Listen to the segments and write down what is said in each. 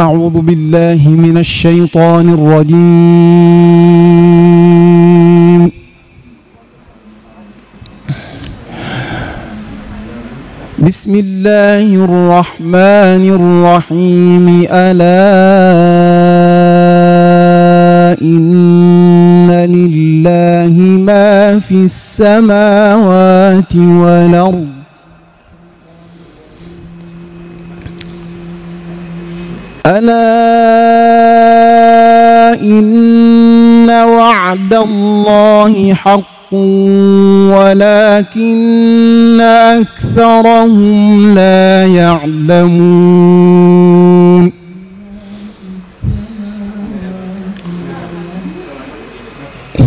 أعوذ بالله من الشيطان الرجيم بسم الله الرحمن الرحيم ألا إن لله ما في السماوات والأرض ألا إن وعد الله حق ولكن أكثرهم لا يعلمون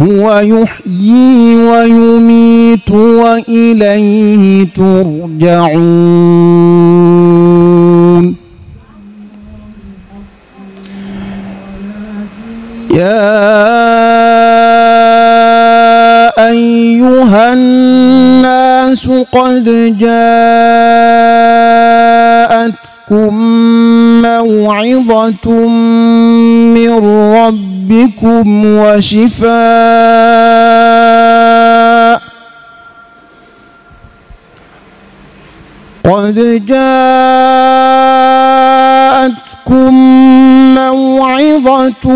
هو يحيي ويميت وإليه ترجعون قد جاءتكم موعظة من ربكم وشفاء قد جاءتكم موعظة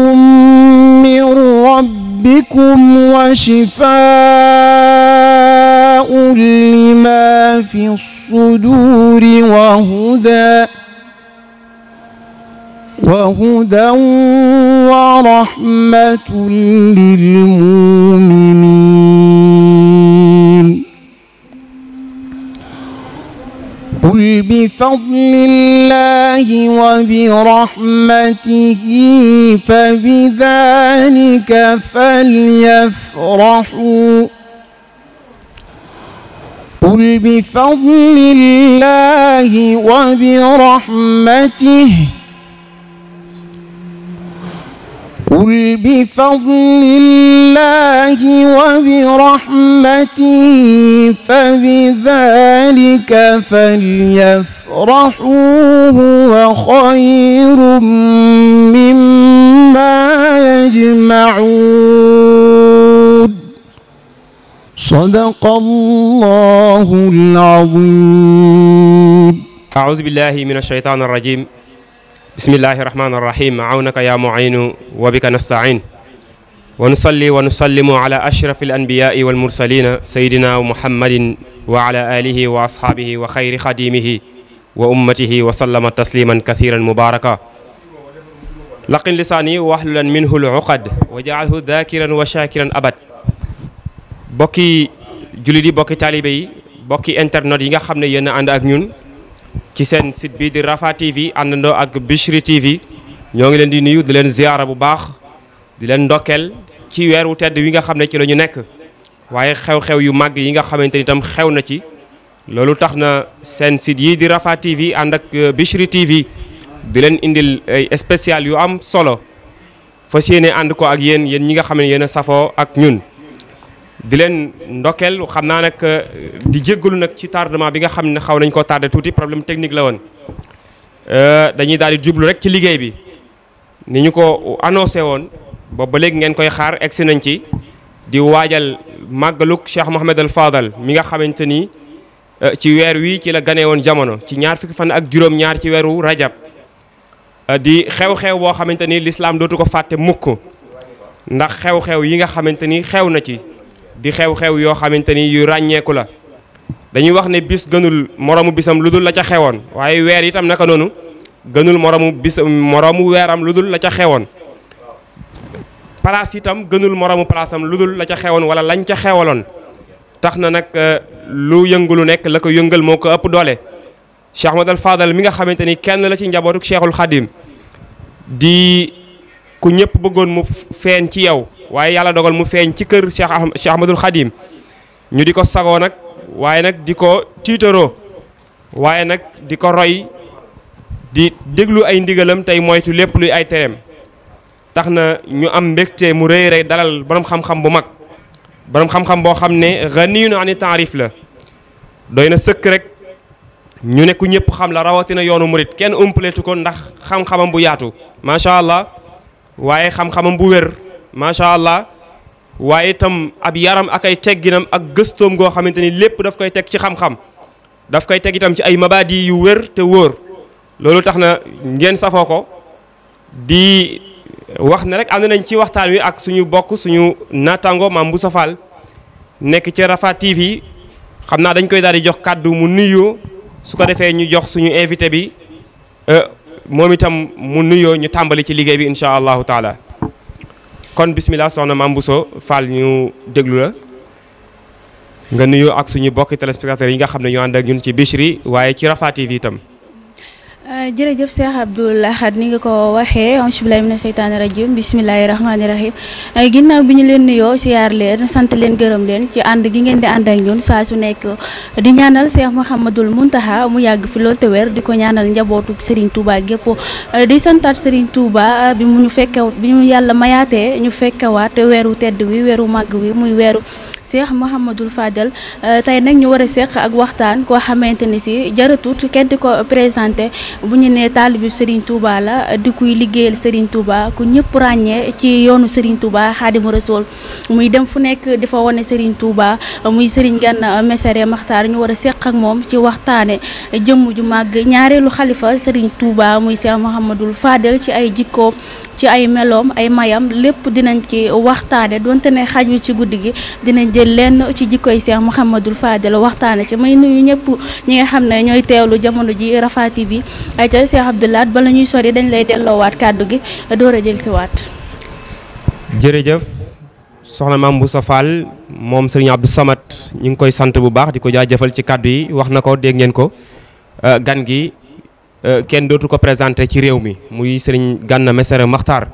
من ربكم ربكم وشفاء لما في الصدور وهدى وهدى ورحمة للمؤمنين قل بفضل الله وبرحمته فبذلك فليفرحوا قل بفضل الله وبرحمته قل بفضل الله وبرحمته فبذلك فليفرحوا هو خير مما يجمعون صدق الله العظيم أعوذ بالله من الشيطان الرجيم bismillahi rahmaani rahim awnaka yaa muayinu wa bika nastain wa nusalli wa nusallimu ala ashrafi alanbiyaai walmursalina sayidina muhammadin wa ala alihi wa ashaabihi wa xayri xadimihi wa ummatihi wa sallama tasliman kathiran mubaraka laqin lisaani waxlulan minhu luqad wa jaalhu dhakiran wa shakiran abad bokki jullit yi bokki taalibe yi bokki internet yi nga xam ne yéen a ànd ak ñun ci seen site bii di Rafah TV àndandoo ak Bichri TV ñoo ngi leen di nuyu di leen ziyaara bu baax di leen ndokkeel ci weer wu tedd wi nga xam ne ci lañu nekk waaye xew-xew yu màgg yi nga xamante ni itam xew na ci loolu tax na seen sit yi di Rafah TV ànd ak euh, Bichri TV di leen indil ay spécial yu am solo fas yéene ànd ko ak yéen yéen ñi nga xam ne yéen safoo ak ñun di leen ndokkeel xam naa nag euh, di jéggalu nag ci tardement bi nga xam ne xew nañ koo tardé tuuti problème technique la woon euh, dañuy daal di jublu rek ci liggéey bi ni ñu ko annoncé woon boobu ba léegi ngeen koy xaar egsi nañ ci di waajal màggaluk Cheikh Mouhamed al Fadal mi nga xamante ni euh, ci weer wi ci la ganee woon jamono ci ñaar fukki fan ak juróom-ñaar ci weeru rajab di xew-xew boo xamante ni lislaam dootu ko fàtte mukk ndax xew-xew yi nga xamante ni xew na ci di xew-xew yoo xamante ni yu ràññeeku la dañuy wax ne bis gënul moroomu bisam lu dul la ca xewoon waaye weer itam naka noonu gënul moroomu bis moroomu weeram lu dul la ca xewoon place yitam gënul moroomu place lu dul la ca xewoon wala lañ ca xewaloon tax na nag euh, lu yëngu lu nekk la ko yëngal moo ko ëpp doole Cheikh Ahmadal Fadal mi nga xamante ni kenn la ci njabootu Cheikhul Khadim di ku ñëpp bëggoon mu feeñ ci yow waaye yàlla dogal mu feeñ ci kër Cheikh ah Cheikh Ahmadul Khadim ñu di ko sagoo nag waaye nag di ko tiitaroo waaye nag di ko roy di déglu ay ndigalam tey moytu lépp luy ay tereem tax na ñu am mbégte mu rëy rey dalal borom xam-xam bu mag borom xam-xam boo xam ne ganiyun ani taarif la doy na sëkk rek ñu ne ku ñëpp xam la rawatina yoonu murit kenn umpaleetu ko ndax xam-xamam bu yaatu macha allah waaye xam-xamam bu wér. macha allah waaye itam ab yaram ak ay tegginam ak gëstoom goo xamante ni lépp daf koy teg ci xam-xam daf koy teg itam ci ay mabaadi yu wér te wóor loolu tax na ngeen safoo ko di wax ne rek ànd nañ ci waxtaan wi ak suñu bokk suñu naataango maam bu Fall nekk ci Rafah TV xam naa dañ koy daal di jox kàddu mu nuyoo su ko defee ñu jox suñu invité bi euh, moom itam mu nuyoo ñu tàmbali ci liggéey bi incha allahu taala. kon bisimilah soxna Mame Bousso Fall ñu déglu la nga nuyoo ak suñu bokki téléspectateurs yi nga xam ne ñoo ànd ak ñun ci Bichri waaye ci Rafah TV itam. Euh, jërëjëf Cheikh Abdoul Ahad ni nga ko waxee ansibilahi mina seytaani rajim bisimilahi rahmaani rahim euh, ginnaaw bi ñu leen nuyoo siyaar leen sant leen gërëm leen ci ànd gi ngeen di ànd ak ñun saa su nekk di ñaanal Cheikh Mouhamadul Muntaha mu yàgg fi loolu te weer di ko ñaanal njabootu Serigne Touba gépp euh, di santaat Serigne Touba bi mu ñu fekke bi ñu yàlla mayaatee ñu fekkewaat weeru tedd wi weeru màgg wi muy weeru Cheikh Mouhamadou Fadel euh, tey nag ñu war a seq ak waxtaan koo xamante ni si jaratut kenn di ko présenté bu ñu nee taalibu Serigne Touba la di kuy liggéeyal Serigne Touba ku ñëpp ràññee ci yoonu Serigne Touba Xaadimu Rasuul muy dem fu nekk di fa wane Serigne Touba muy Serigne Gana Messere Maxtaar ñu war a seq ak moom ci waxtaane jëmm ju màgg ñaareelu xalifa Serigne Touba muy Cheikh Mouhamadou Fadel ci ay jikkoom ci ay meloom ay mayam lépp dinañ ci waxtaane donte ne ci guddi jël lenn ci jikkoy Cheikh Mouhamadul Fadel waxtaane ci may nuyu ñëpp ñi nga xam ne ñooy teewlu jamono ji Rafah TV ay ca Cheikh Abdoulaat bala ñuy sori dañ lay waat kàddu gi door a jël si waat jërëjëf soxna maam Boussa Fall moom sëriñ Abdou Samad ñu ngi koy sant bu baax di ko jaajëfal ci kàddu yi wax na ko dégg ngeen ko euh, gan gi euh, kenn dootu ko présenté ci réew mi muy sëriñ Gana Messere maxtar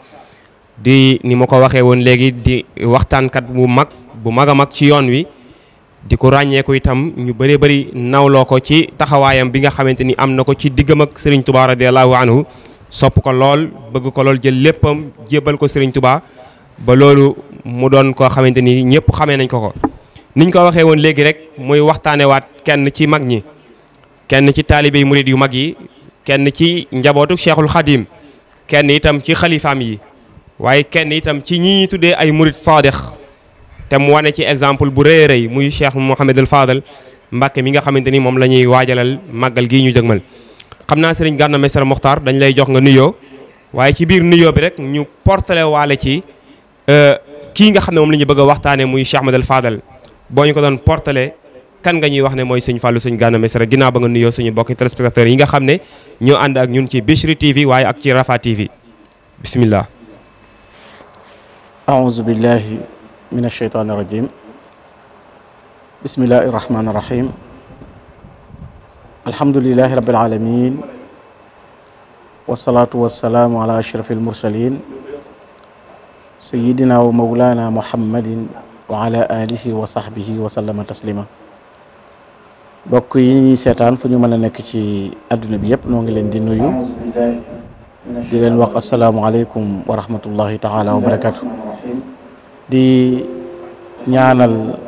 di ni ma ko waxee woon léegi di waxtaankat bu mag bu mag mag ci yoon wi di ko ràññeeku itam ñu bëree bëri nawloo ko ci taxawaayam bi nga xamante ni am na ko ci diggam ak Serigne Touba radiallahu anhu sopp ko lool bëgg ko lool jël léppam jébbal ko Serigne Touba ba loolu mu doon koo xamante ni ñëpp xamee nañ ko ko niñ ko waxee woon léegi rek muy waxtaanewaat kenn ci mag ñi kenn ci taalibe yi murid yu mag yi kenn ci njabootu Cheikhul Khadim kenn itam ci xalifaam yi waaye kenn itam ci ñi tuddee ay murid saadix te mu wane ci exemple bu rëy a rëy muy Cheikh Mouhamadul Fadal Mbàkke mi nga xamante ni moom la ñuy waajalal màggal gii ñu jëgmal xam naa sëriñ Gana Messere Mokhtar dañ lay jox nga nuyoo waaye ci biir nuyoo bi rek ñu portale waale ci euh, kii nga xam ne moom la bëgg a waxtaanee muy Cheikh Mouhamadul faadal boo ñu ko doon portale kan nga ñuy wax ne mooy sëñ Fallou sëñ Gana Messere ginnaaw ba nga nuyoo suñu bokki téléspectateurs yi nga xam ne ñoo ànd ak ñun ci Bichri TV waaye ak ci Rafa TV bisimilah. من الشيطان الرجيم بسم الله الرحمن الرحيم الحمد لله رب العالمين والصلاة والسلام على أشرف المرسلين سيدنا ومولانا محمد وعلى آله وصحبه وسلم تسليما bokk yi ñuy seetaan fu ñu mën a nekk ci àdduna bi yëpp noo ngi leen di nuyu di leen wax asalaamualeykum wa rahmatullahi taala wa barakatu di ñaanal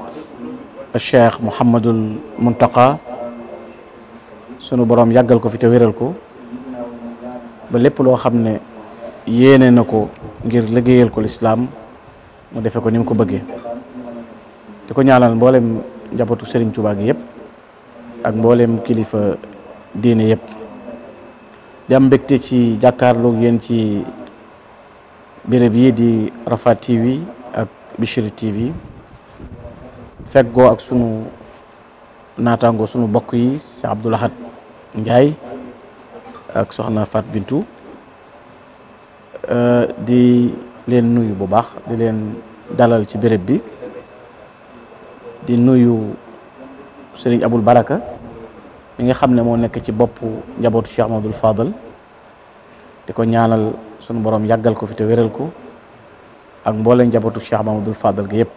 Cheikh Mouhamadul Muntaqa sunu borom yàggal ko fi te wéral ko ba lépp loo xam ne yéene na ko ngir liggéeyal ko lislaam mu defe ko ni ko bëggee di ko ñaanal mboolem njabootu Serigne Touba gi yëpp ak mboolem kilifa diine yëpp di am mbégte ci jàkkaarloog yéen ci béréb yi di Rafah TV Bichri TV feggoo ak sunu naataango sunu bokk yi Cheikh Abdou Lahad Ndiaye ak soxna Fat Bintou euh, di leen nuyu bu baax di leen dalal ci béréb bi di nuyu Sëriñ Abul Baraka mi nga xam ne moo nekk ci boppu njabootu Cheikh Mahmadul Fadal di ko ñaanal sunu borom yàggal ko fi te wéral ko ak mbooleem njabootu Cheikh Mamadou Fadal gi yëpp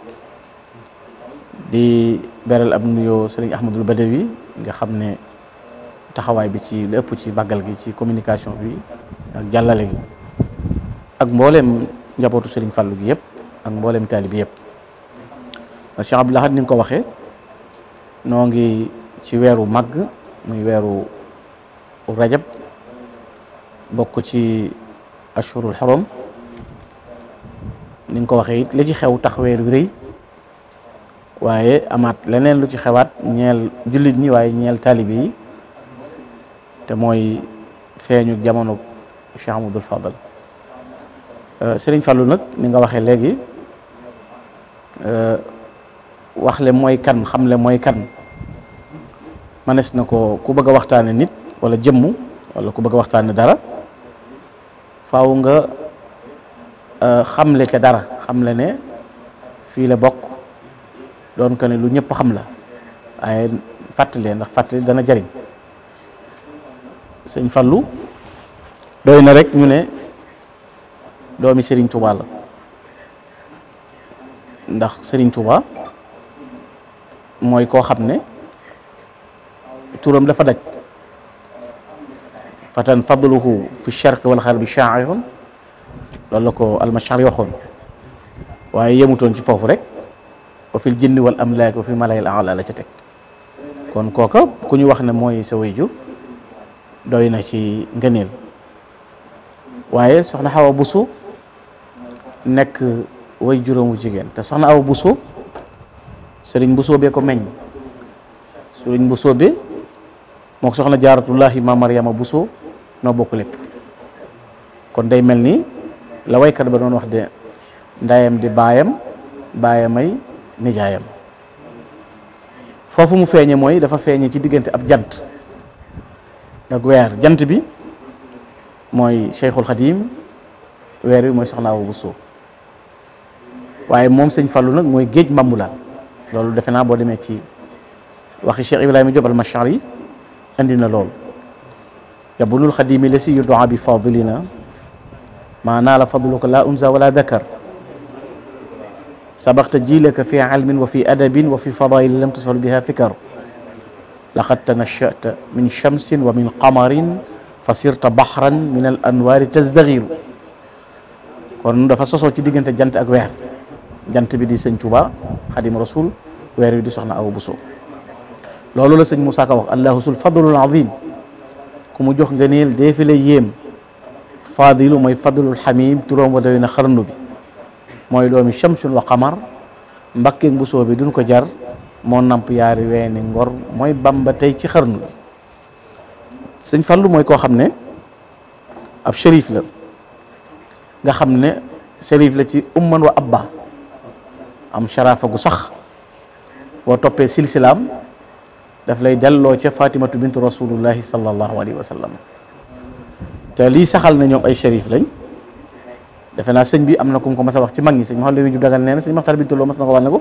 di beral ab nuyoo sëriñ Ahmadul Badawi nga xam ne taxawaay bi ci li ci màggal gi ci communication bi ak jàllale gi ak mbooleem njabootu sëriñ Fàllu gi yëpp ak mboolem taali bi yëpp Cheikh Abdou Lahad ni nga ko waxee noo ngi ci weeru màgg muy weeru rajab bokk ci ashurul xorom ni nga ko waxee it li ci xew tax weer rëy waaye amaat leneen lu ci xewaat ñeel jullit ñi waaye ñeel taalibe yi te mooy feeñu jamono Cheikh Amadou Fadal euh, Sëriñ Fallou nag ni nga waxee léegi euh, waxle mooy kan xamle mooy kan manes na ko ku bëgg a waxtaane nit wala jëmm wala ku bëgg a waxtaane dara faaw nga Euh, xamle ca dara xamle ne fii la bokk doon ko ne lu ñëpp xam la waaye fàttali ndax fàttali dana jariñ sëñ Fallu doy na rek ñu ne doomi Serigne Touba la ndax Serigne Touba mooy koo xam ne turam dafa daj fatan fadluhu fi sharq wal xarbi shaa'irun loolu la ko almashar waxoon waaye yemutoon ci foofu rek wa fil am wal amlaak wa fil malayil aala la ca teg kon kooka ku ñu wax ne mooy sa wayjur doy na ci ngëneel waaye soxna Awa Busu nekk way juróomu jigéen te soxna Awa Busu sëriñ Busu bee ko meññ sëriñ Busu bi moo ko soxna jaaratullahi ma Mariama Busu noo bokk lépp kon day mel ni la waykat ba doon wax de ndayam di baayam baayamay nijaayam foofu mu feeñe mooy dafa feeñe ci diggante ab jant ak weer jant bi mooy Cheikhul Xadim weer bi mooy Soxna Awa Bousso waaye moom sëñ falu nag mooy géej Mbambulaan loolu defe naa boo demee ci waxi Cheikh Ibrahima Diop al-Mashari yi andi na loolu yabulul xadimi la si yu doa bi na ma naala fadluka la unsa wala dakar sabaqta jiilaka fi ilmin wa fi adabin wa fi fadail lam tasol biha fikar laqad tanashata min shamsin wa min qamarin fa sirta baxran min al anwaari tasdaxiru kon dafa sosoo ci diggante jant ak weer jant bi di sëñ Tuuba xadim rasul weer wi di soxna Awa Bousso loolu la sëñ Moussa Ka wax allahu sul fadlul azim ku mu jox nga neel dee fi lay yéem faadilu mooy fadlul xamim turóom wa doy na xarnu bi mooy doomi shamsun wa xamar mbakkeeg mbusoo bi duñ ko jar moo namp yaari weeni ngor mooy bamba tey ci xarnu bi sëñ Fallu mooy koo xam ne ab shérif la nga xam ne shérif la ci umman wa abba am sharafa gu sax boo toppee silsilaam daf lay delloo ca fatimatu bintu rasulullahi sallallahu alayhi wa sallam te lii saxal na ñoom ay shérif lañ defe naa sëñ bi am na ku ko mas a wax ci mag ñi sëñ Mawalé wi ju dagal nee na sëñ Maxtaar Bintaloo mas na ko wax ne ko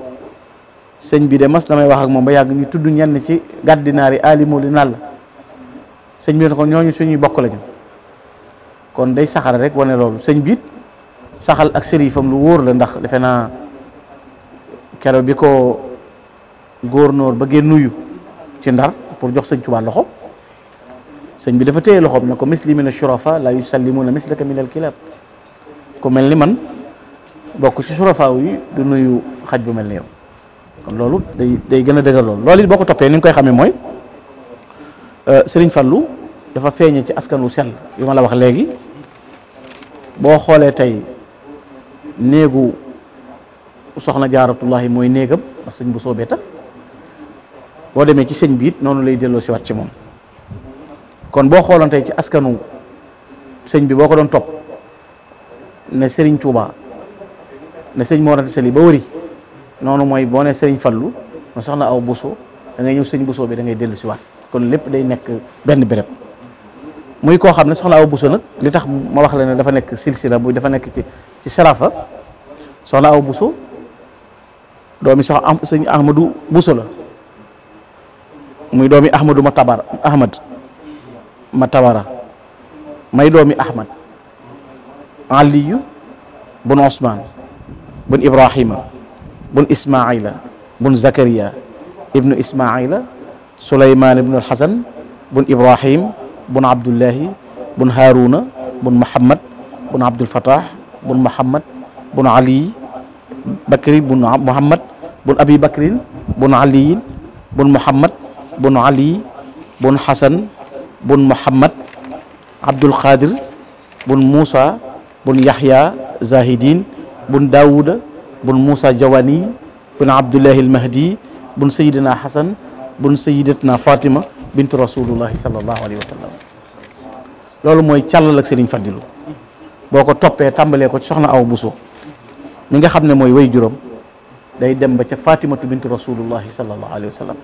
sëñ bi de mas damay wax ak moom ba yàgg ñu tudd ñenn ci gàddinaar yi aalimoo li sëñ bi ne ko ñooñu suñuy bokk lañu kon day saxal rek wane loolu sëñ bi saxal ak shérifam lu wóor la ndax defe naa keroog bi ko góor góornóor bëggee nuyu ci ndar pour jox sëñ Tuubaa loxo. sëñ bi dafa téye loxoom ne ko misli mina shurafa la yusallimuna mislaka min alkilab ku mel ni man bokk ci shurafa yi du nuyu xaj bu mel ni yow kon loolu day day gën a dëgër loolu loolu it boo ko toppee ni nga koy xamee mooy euh, sëriñ Fallu dafa feeñe ci askan wu sell yu ma la wax léegi boo xoolee tey néegu soxna jaaratullahi mooy néegam ndax sëñ bu soobee tax boo demee ci sëñ biit noonu lay delloo si waat ci moom kon boo xooloon tey ci askanu sëñ bi boo ko doon topp ne sëriñ Touba ne sëñ Mor Anta Sali ba wëri noonu mooy boo ne Serigne Fallou ma soxna aw Bousso da ñëw sëñ buso bi dangay ngay dellu si waat kon lépp day nekk benn béréb muy koo xam ne soxna aw Bousso nag li tax ma wax la ne dafa nekk silsila muy dafa nekk ci ci sarafa soxna aw Bousso doomi sox am sëñ Ahmadou Bousso la muy doomi Ahmadou Matabar Ahmad ma tawara may doomi ahmad aliyu bun osman bun ibrahima bun ismaila bun zakariya ibnu ismaila suleymaan ibnu alxasan bun ibrahim bun abdullahi bun haruna bun muhammad bun abdulfatah bun muhammad bun ali bakri bun muhammad bun abi bakrin bun aliyin bun muhammad bun ali bun hasan bun Muhammad Abdul Khadir bun Moussa bun Yahya Zahidin bun Daouda bun Moussa Jawani bun Abdullahi al-Mahdi bun Sayyidina Hasan bun Sayyidatna Fatima bint rasulullahi sallallahu alayhi wa sallam loolu mooy càllal ak Serigne Fadilou boo ko toppee tàmbalee ko ci soxna aw Bousso mi nga xam ne mooy way juróom day dem ba ca Fatimatu bint rasulullahi sallallahu alayhi wa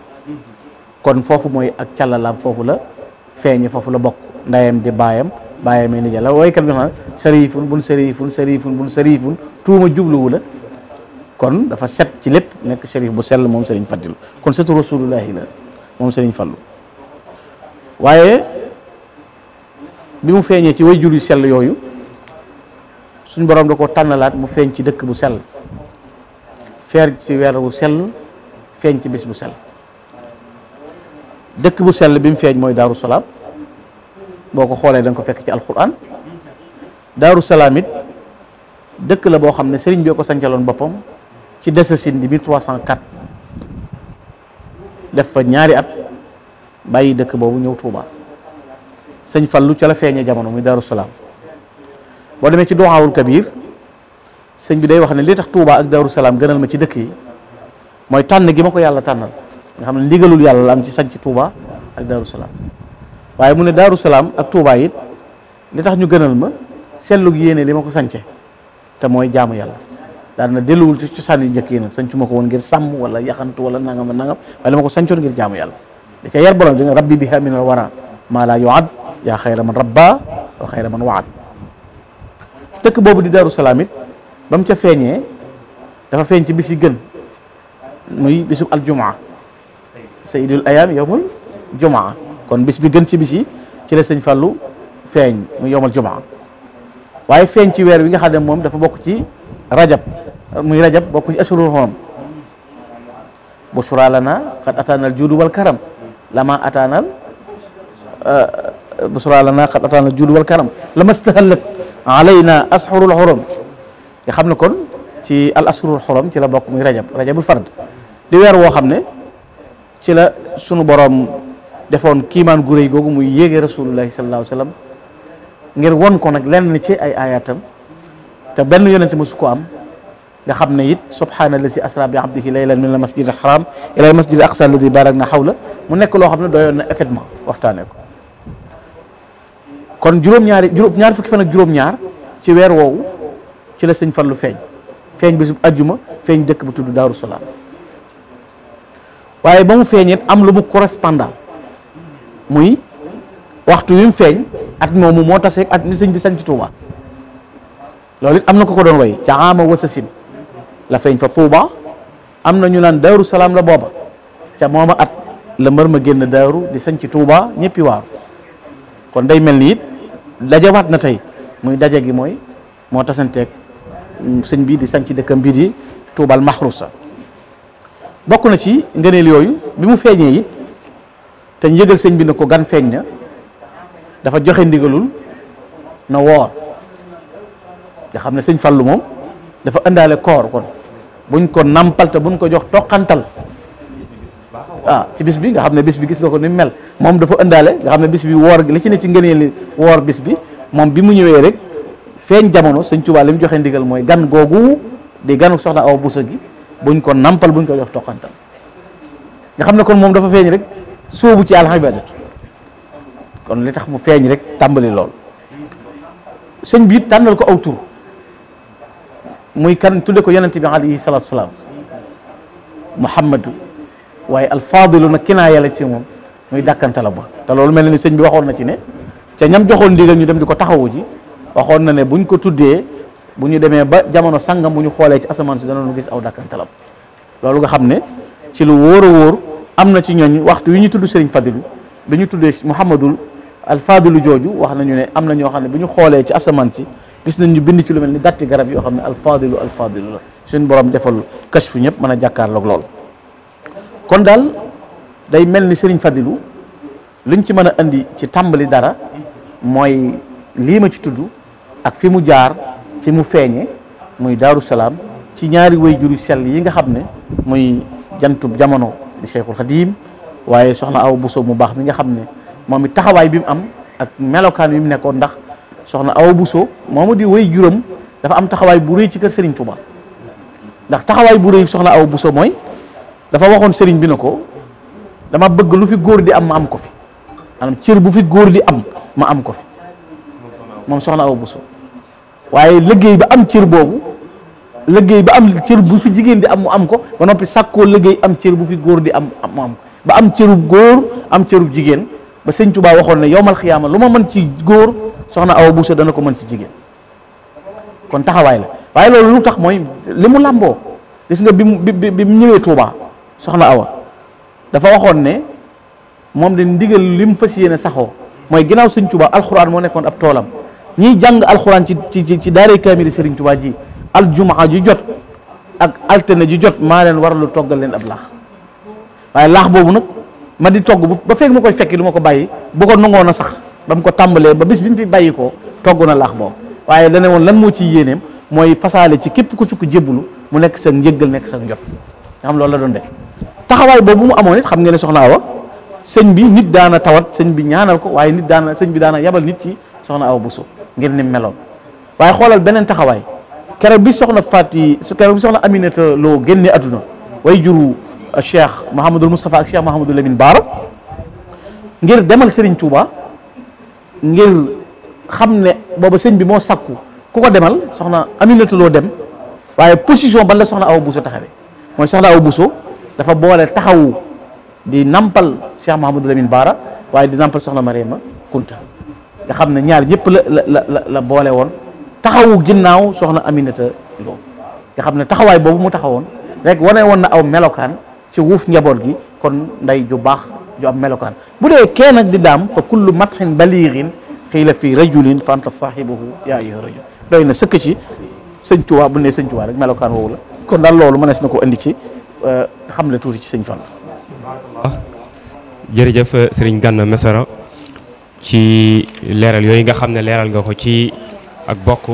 kon foofu mooy ak càllalaam foofu la feeñ foofu la bokk ndayam di baayam baayam ni jàll woykat bi xam sërifun bun sërifun sërifun bun sërifun tuuma jubluwu la kon dafa set ci lépp nekk sërif bu sell moom sëriñ Fadilu kon setu rasulullahi la moom sëriñ Fallu waaye bi mu feeñee ci way jur yu sell yooyu suñ borom da ko tànnalaat mu feeñ ci dëkk bu sel feer ci weer bu feeñ ci bis bu sell dëkk bu sell bi mu feeñ mooy daaru salaam boo ko xoolee da ko fekk ci alquran daaru salaam it dëkk la boo xam ne sëriñ bi ko sancaloon boppam ci desasine di 1304 def fa ñaari at bàyyi dëkk boobu ñëw Touba sëñ Fallu ca la feeñee jamono muy daaru salaam boo demee ci doxaawul Kabir sëñ bi day wax ne li tax tuubaa ak daaru salaam gënal ma ci dëkk yi mooy tànn gi ma ko yàlla tànnal. nga xam ne ndigalul yàlla la am ci sanc Touba ak Darou Salaam waaye mu ne Darou Salaam ak Touba it li tax ñu gënal ma sellug yéene li ma ko sance te mooy jaamu yàlla daal na delluwul ci cosaan yu njëkk yi nag sancu ma ko woon ngir sàmm wala yaxantu wala nangam a nangam waaye li ma ko sancoon ngir jaamu yàlla da ca yar borom di nga rabbi biha min al wara maa laa yuad yaa xayra man rabba wa xayra man waad dëkk boobu di Darou Salaam it ba ca feeñee dafa feeñ ci bis yi gën muy sayyidul ayaam yowmul jumaa kon bis bi gën ci bisi ci la sëñ Fallou feeñ mu yowmal jumaa waaye feeñ ci weer wi nga xam ne moom dafa bokk ci rajab muy rajab bokk ci ashurul xorom bushraa lanaa qad ataanal juudu wal karam lama ataanal bushraa lanaa xorom nga xam ne kon ci al ashurul xorom ci la bokk muy rajab rajabul fard di weer woo xam ne ci la sunu boroom defoon kiimaan gu réy googu muy yéege rasulullahi sallallahu alayhi wa sallam ngir won ko nag lenn ci ay ayatam te benn yonente su ko am nga xam ne it si asra bi abdihi laylan min al masjid al haram ila al masjid al aqsa alladi barak na xawla mu nekk loo xam ne doyoon na effectivement waxtaanee ko kon juróom-ñaari juróom fukki fan ak juróom-ñaar ci weer woowu ci la sëñ Fallu feeñ feeñ bi bisub ajjuma feeñ dëkk bu tudd Daaru Salaam waaye ba mu feeñit am lu mu correspondant muy waxtu wi mu feeñ at moomu moo taseeg at mi sëñ bi sañ ci Tuuba loolu it am na ko ko doon way ca ama wasasin la feeñ fa Tuuba am na ñu naan daaru salaam la booba ca moom a at la mbër ma génn daaru di sañ ci Tuuba ñëppi waaru kon day mel ni it dajawaat na tey muy daje gi mooy moo tasanteeg sëñ bi di sañ ci dëkkam bi di tuubal maxrusa bokk na ci ngëneel yooyu bi mu feeñee it te ñu yëgal sëñ bi ne ko gan feeñ na dafa joxe ndigalul na woor nga xam ne sëñ Fallu moom dafa indaale koor kon buñ ko nampal te buñ ko jox toqantal ah ci bis bi nga xam ne bis bi gis nga ko ni mel moom dafa indaale nga xam ne bis bi woor li ci ne ci ngëneeli woor bis bi moom bi mu ñëwee rek feeñ jamono sëñ Tuubaa li mu joxe ndigal mooy gan googu di ganu soxna aw buso gi buñ ko nampal buñ ko jox toqantal nga xam ne kon moom dafa feeñ rek sóobu ci alxibaadat kon li tax mu feeñ rek tàmbali lool sëñ bi it tànnal ko aw tur muy kan tudde ko yonente bi alayhi salaatu salaam muhammadu waaye alfaadilu nag kinaaya la ci moom muy dàkkantala ba te loolu mel na ni sëñ bi waxoon na ci ne ca ñam joxoon ndigal ñu dem di ko taxawu ji waxoon na ne bu buñ ko tuddee bu ñu demee ba jamono sàngam bu ñu xoolee ci asamaan si lu gis aw dàkkantalam loolu nga xam ne ci lu wóor a wóor am na ci ñooñ waxtu yu ñu tudd Serigne Fadilu bi ñu tuddee Mouhamadul Alfadilu jooju wax nañu ne am na ñoo xam ne bu ñu xoolee ci asamaan si gis nañ ñu bind ci lu mel ni datti garab yoo xam ne Alfadilu Alfadilu la suñ borom defal kashfu ñëpp mën a jàkkaarloog lool kon daal day mel ni Serigne Fadilu liñ ci mën a indi ci tàmbali dara mooy lii ma ci tudd ak fi mu jaar. fi mu feeñe muy daaru salaam ci ñaari way juru sel yi nga xam ne muy jantu jamono di cheikhul xadim waaye soxna aw buso mu baax mi nga xam ne moom it taxawaay bi mu am ak melokaan bi mu nekkoon ndax soxna aw buso moomu di way juróom dafa am taxawaay bu rëy ci kër Serigne Touba ndax taxawaay bu rëy soxna aw buso mooy dafa waxoon sëriñ bi na ko dama bëgg lu fi góor di am ma am ko fi maanaam cër bu fi góor di am ma am ko fi moom soxna aw buso waaye liggéey ba am cër boobu liggéey ba am cër bu fi jigéen di am mu am ko ba noppi sàkkoo liggéey am cër bu fi góor di am mu am ko ba am cërub góor am cërub jigéen ba sëñ Tuubaa waxoon ne yowmal xiyaama lu ma mën ci góor soxna Awa Bousso dana ko mën ci jigéen kon taxawaay la waaye loolu lu tax mooy li mu làmboo gis nga bi mu bi bi mu ñëwee Tuubaa soxna Awa dafa waxoon ne moom de ndigal li mu fas yéene saxoo mooy ginnaaw sëñ Tuubaa alxuraan moo nekkoon ab toolam ñiy jàng alxuraan ci ci ci daaree kaamil Sëriñ Tuubaa ji aljumaa ju jot ak altine ju jot maa leen war lu toggal leen ab laax waaye laax boobu nag ma di togg ba fekk ma koy fekki lu ma ko bàyyi bu ko nangoon a sax ba mu ko tàmbalee ba bis bi mu fi bàyyi ko togg na laax boobu waaye dane woon lan moo ci yéeneem mooy fasaale ci képp ku sukk jëbblu mu nekk sa njëggal nekk sa njot nga xam loolu la doon def taxawaay boobu mu amoon it xam ngeen ne soxna Awa sëñ bi nit daana tawat sëñ bi ñaanal ko waaye nit daana sëñ bi daana yabal nit ci soxna Awa Bousso ngir ni meloon waaye xoolal beneen taxawaay keroog bi soxna Fati keroog bi soxna Aminata Lo génne àdduna way juru uh, Cheikh Mouhamadul Moustapha ak Cheikh Mouhamadul Lamine Baara ngir demal Serigne Touba ngir xam ne booba sëñ bi moo sakku ku ko demal soxna Aminata Lo dem waaye position ban la soxna Awa Bousso taxawee mooy soxna Awa dafa boole taxawu di nampal Cheikh Mouhamadul Lamine Baara waaye di nampal soxna Mariama Kunta nga xam ne ñaar ñëpp la la la la boole woon taxawu ginnaaw soxna Aminata Lo nga xam ne taxawaay boobu mu taxawoon rek wane woon na aw melokaan ci wuuf njaboot gi kon nday ju baax ju am melokaan bu dee kenn nag di daam fa kullu matxin baliirin xiila fii rajulin fa anta saahibuhu yaa ayyuha rajul doy na sëkk ci sëñ Tuubaa bu ne sëñ Tuubaa rek melokaan woowu la kon daal loolu mën mënees na ko indi ci euh, xam ne tuuti ci sëñ Fall jërëjëf euh, sëriñ Gana Mesara ci leeral yooyu nga xam ne leeral nga ko ci ak bokk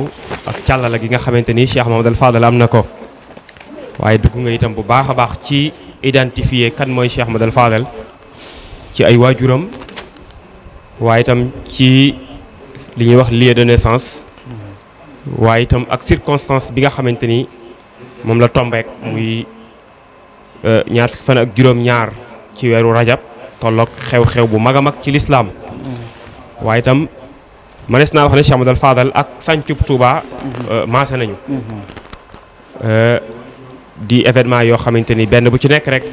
ak càllala gi nga xamante ni Cheikh Mamadou Fadal am na ko waaye dugg nga itam bu baax a baax ci identifier kan mooy Cheikh Mamadou Fadal ci ay waajuram waaye itam ci li ñuy wax lieu de naissance waaye itam ak circonstance bi nga xamante ni moom la tombeek muy euh, ñaar fukki fan ak juróom-ñaar ci weeru rajab tolloog xew-xew bu mag a mag ci lislaam waaye tam manes naa wax ne Cheikh Amadou Fadal ak sàncub Touba euh, maase nañu euh, di événement yoo xamante ni benn bu ci nekk rek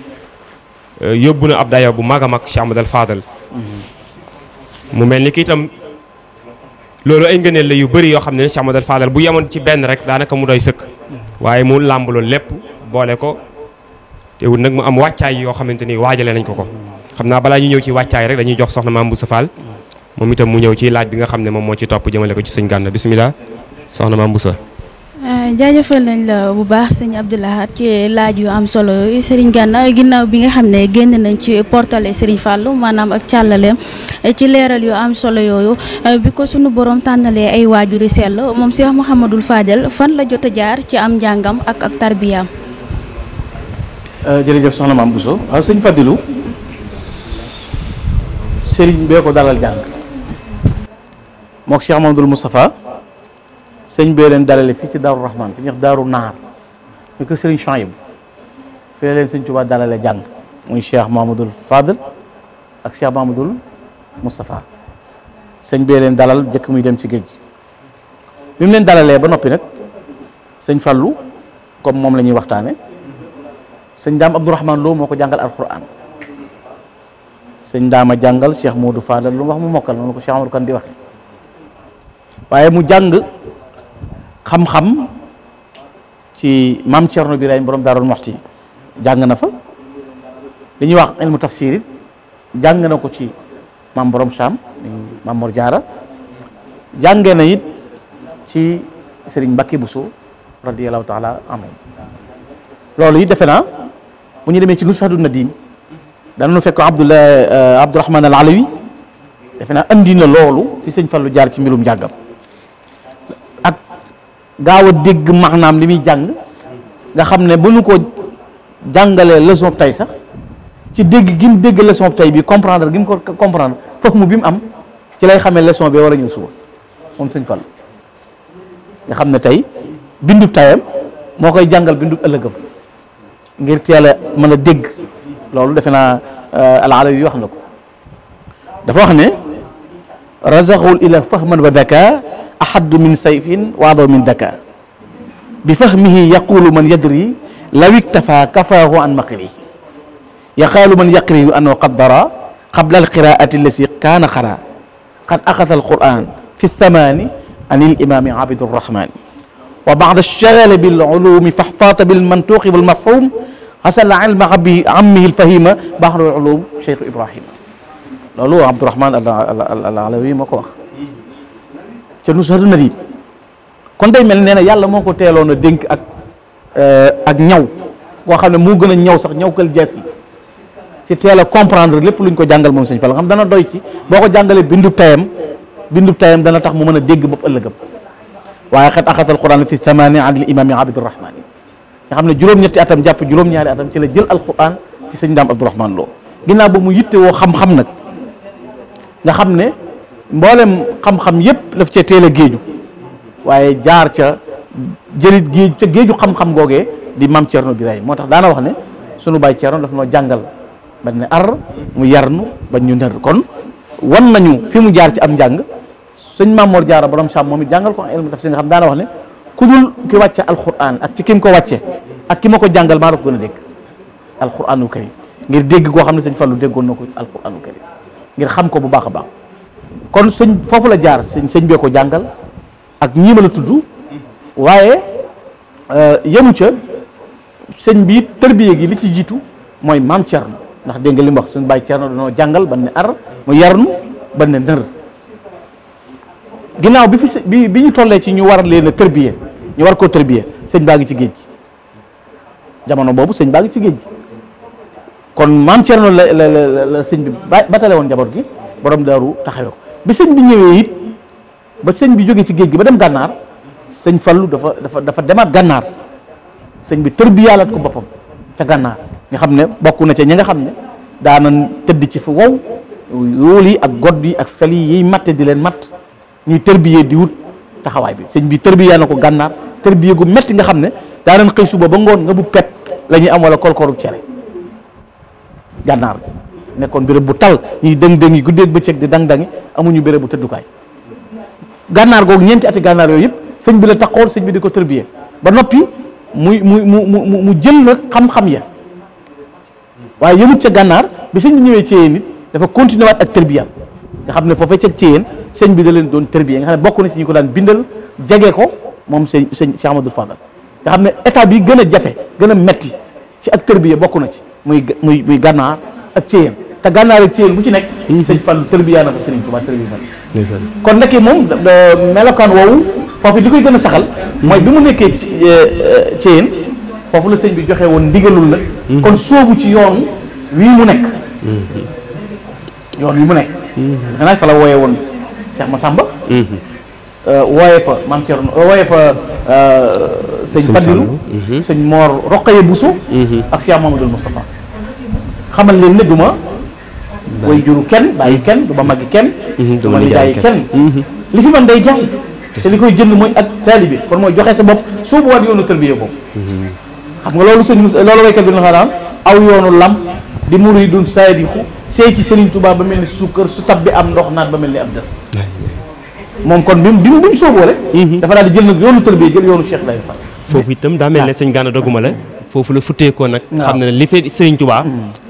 euh, yóbbu na ab dayo bu mag a mag Cheikh dal Fadal mu mel ni kii tam loolu ay ngëneel la yu bari yoo xam ne Cheikh Amadou Fadal bu yemoon ci benn rek daanaka mu doy sëkk waaye mu làmb loolu lépp boole ko te wut nag mu am wàccaay yoo xamante ni waajale nañ ko ko xam naa balaa ñu ñëw ci wàccaay rek dañuy jox soxna maam Boussa Fall moom itam mu ñëw ci laaj bi nga xam ne moom moo ci topp jëmale ko ci sëñ Gana bisimilah soxna Mame Bousso ah, jaajëfal nañ la bu baax sëñ Abdoulahat ci laaj yu am solo yooyu Serigne ginnaaw bi nga xam ne génn nañ ci portale Serigne Fallou maanaam ak càllaleem eh, ci leeral yu am solo yooyu eh, bi ko sunu borom tànnalee ay waajuri sell moom Cheikh Mouhamadul Fadel fan la jot a jaar ci am njàngam ak ak tarbiyaam. Eh, jërëjëf soxna Mame Bousso waaw ah, sëñ Fadilou Serigne bee ko dalal jàng. moo mook Cheikh Mamadul Moustapha sëñ bee leen dalale fii ci Daaru Rahman fi ñuy Daaru Naar ñu ko sëriñ Chouaïb fii leen sëñ Tuubaa dalale jàng muy Cheikh Mamadul Fadl ak Cheikh Mamadul Moustapha sëñ bee leen dalal jëkk muy dem ci géej gi bi mu leen dalalee ba noppi nag sëñ Fallu comme moom la ñuy waxtaane sëñ Daam Abdourahman Lo moo ko jàngal alquran sëñ Daam a jàngal Cheikh Modou Fadal lu mu wax mu mokkal noonu ko Cheikh di waxee waaye mu jàng xam-xam ci maam Cerno Birahim borom Daarul Muxti jàng na fa dañuy wax ilmu tafsir it jàng na ko ci maam borom Saam maam Mor Jaara jànge na it ci Sëriñ Mbàkke Buso radiyallahu taala anhu loolu yi defe naa bu ñu demee ci Nushatu Nadim danañu fekk Abdullah euh, Abdourahman al Alawi defe naa andi na loolu ci sëñ Fallu jaar ci mbirum jàggam gaaw a dégg maanaam li muy jàng nga xam ne ba ñu ko jàngalee leçon tey sax ci dégg gi mu dégg leçon tey bi comprendre gi mu ko comprendre foofu mu bi mu am ci lay xamee leçon bi war a ñëw suba moom sëñ Fall nga xam ne tey bindub tayam moo koy jàngal bindub ëllëgam ngir teel mën a dégg loolu defe naa euh, alaala yu wax na ko dafa wax ne razaqul ila fahman wa daka axaddu min sayfin waadaw min daka bi fahmihi yaqulu man yadri law iktafa kafaahu an maqri yaqaalu man yaqriyu annahu qad dara qabla alqiraati allati kaana xara qad axasa alquran fi lthamaani an ilimami abidurrahmani wa bada alchagali bilulumi faxtaata bilmantuqi walmafhum xasal ilma abi ammihi lfahima bahrul ulum cheikh ibrahima loolu Abdourahman al Alawi moo ko wax ca na nari kon day mel nee na yàlla moo ko teeloon a dénk ak eh, ak ñaw koo xam ne moo gën a ñaw sax ñaw kël jees yi ci teel a comprendre lépp luñ ko jàngal moom sëñ Fall xam dana doy ci boo ko jàngalee bindu tayam bindu tayam dana tax mu mën a dégg bopp ëllëgam waaye xet axatal quran fi samani an li imami abdurahmaan nga xam ne juróom-ñetti atam jàpp juróom-ñaari atam ci la jël alquran ci sëñ daam abdurahmaan loo ginnaaw ba mu yitte woo xam-xam nag mboolem xam-xam yépp daf cee teel a géeju waaye jaar ca jëlit géeju ca géeju xam-xam googee di maam Thierno Birahim moo tax daana wax ne sunu baay Thierno daf noo jàngal ba ne ar mu yarnu ba ñu ner kon wan nañu fi mu jaar ci am njàng suñ maam Mor Jaara borom saam moom it jàngal ko ilmu tafsir nga xam daana wax ne ku dul ki wàcce alquran ak ci kim ko wàcce ak ki ma ko jàngal maa la ko gën a dégg alquranul karim ngir dégg koo xam ne sëñ Fallu déggoon na ko alquranul karim xam ko bu baax a baax kon sëñ foofu la jaar sëñ sëñ bee ko jàngal ak ñii ma la tudd waaye euh, yemu ca sëñ bi tërbiye gi li ci jiitu mooy maam Thierno ndax dégg nga wax suñu bàyyi Thierno dañoo jàngal ban ne ar mu yarnu ban ne nër ginnaaw bi fi bi bi ñu tollee ci ñu war leen a tërbiye ñu war koo tërbiye sëñ baa ngi ci géej gi jamono boobu sëñ baa ngi ci géej gi kon maam Thierno la la la sëñ bi ba batale woon njaboot gi borom daaru taxawe ko bi sëñ bi ñëwee it ba sëñ bi jógee ci géej gi ba dem gànnaar sëñ Fallu dafa dafa dafa demaat gànnaar sëñ bi tërbiyaalaat ko boppam ca gànnaar nga xam ne bokk na ca ñi nga xam ne daana tëdd ci fu wow yool yi ak god yi ak fel yi yiy matte di leen matt ñuy tërbiyee di taxawaay bi sëñ bi tërbiyaa na ko gànnaar tërbiyee gu metti nga xam ne daanañ xëy suba ba ngoon nga bu pet la ñuy am wala kolkooru cere gànnaar nekkoon béréb bu tal ñuy dëng-dëng yi guddeeg bëccëg di dang-dangi amuñu béréb bu tëddukaay gànnaar googu ñeenti ati gànnaar yooyu yëpp sëñ bi la taxool sëñ bi di ko tërbiyee ba noppi muy muy mu mu mu jël nag xam-xam ya waaye yëmut ca gànnaar bi sëñ bi ñëwee ceyeen it dafa continué ak tërbiyam nga xam ne foofee ca ceyeen sëñ bi da leen doon tërbiyee nga xam ne bokk na si ñu ko daan bindal jege ko moom sëñ sëñ Cheikh Amadou Fadal nga xam ne état bi gën a jafe gën a metti ci ak tërbiyee bokk na ci muy muy muy gànnaar ak ceyeen te gànnaar ak Thiel bu ci nekk. Mhm. sëñ Fall tërbiyaa na ko sëriñ Tuubaa tërbiyaa kon nag moom melokaan woowu foofu li koy gën a saxal mooy bi mu nekkee Thiel eh, eh, foofu la sëñ bi joxe woon ndigalul la. Mhm. kon soobu ci yoon wii mu nekk. Mhm. yoon wi mu nekk. xanaa fa la wooyee woon Cheikh Massamba. Euh, wooyee fa maam Thierno euh, wooyee fa. Euh, sëñ Fadilou sëñ Mor Roqaye Bousso. ak Cheikh Mamadou Moustapha xamal leen ne duma way juru kenn bàyyi kenn du ma màgg kenn mhm, du ma nijaay kenn mhm. li fi man day jaay te li koy jënd mooy ak taalibi kon mooy joxe sa bopp suubu waat yoonu tërbiya boobu mhm. xam nga loolu sëñ loolu waykat bi na xa aw yoonu lam di muridun saadiqu sey ci Serigne Touba ba mel ni sukkër su tab bi am ndox naan ba mel ni am dër moom kon bi mu bi mu sooboo dafa daal di jël nag yoonu tërbiya jël yoonu Cheikh Ibrahima Fall foofu itam daa mel ne sëñ Gana la foofu la futteekoo nag xam ne li fee Sëriñ Tuubaa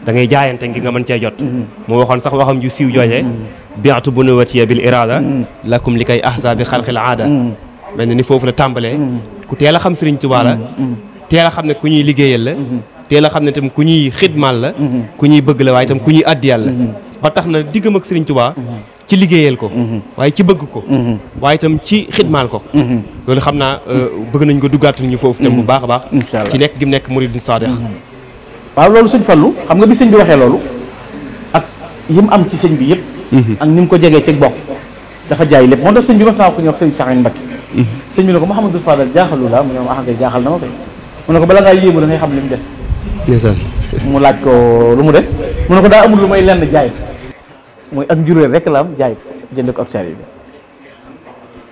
da ngay jaayante ngir nga mën cee jot mm-hmm. mu waxoon sax waxam ju siiw joojee mm-hmm. biatu bu nuwatiya bil irada mm-hmm. lakum li kay ahsa bi xalqil aada mel ni foofu la tàmbalee ku teel a xam Sëriñ Tuubaa la teel a xam ne ku ñuy liggéeyal la teel a xam ne tam ku ñuy xidmaal la ku ñuy bëgg la waaye tam ku ñuy àddi yàlla ba tax na diggam ak Sëriñ Tuubaa ci liggéeyal ko mhm. waaye ci bëgg ko mhm. waaye itam ci xidmaal ko mhm. loolu xam naa euh, bëgg nañ ko duggaatal ñu foofu tam bu baax a baax ci nekk gi mu nekk muridin saadix waaw loolu suñ Fallu xam nga bi sëñ bi waxee loolu ak yim am ci sëñ bi yëpp ak ni mu ko jegee ci bokk dafa jaay lépp moo tax sëñ bi mas naa ko ñu wax sëñ Saxin Mbacke sëñ bi ne ko Mouhamadou la ah. mu ne ah kay jaaxal na ma koy mu ne ko bala ngaa yéemu da ngay xam li mu mu laaj ko lu mu de mu ne ko daa amul lu may lenn jaay mooy ak njuréel la jaay ko jënd ko ak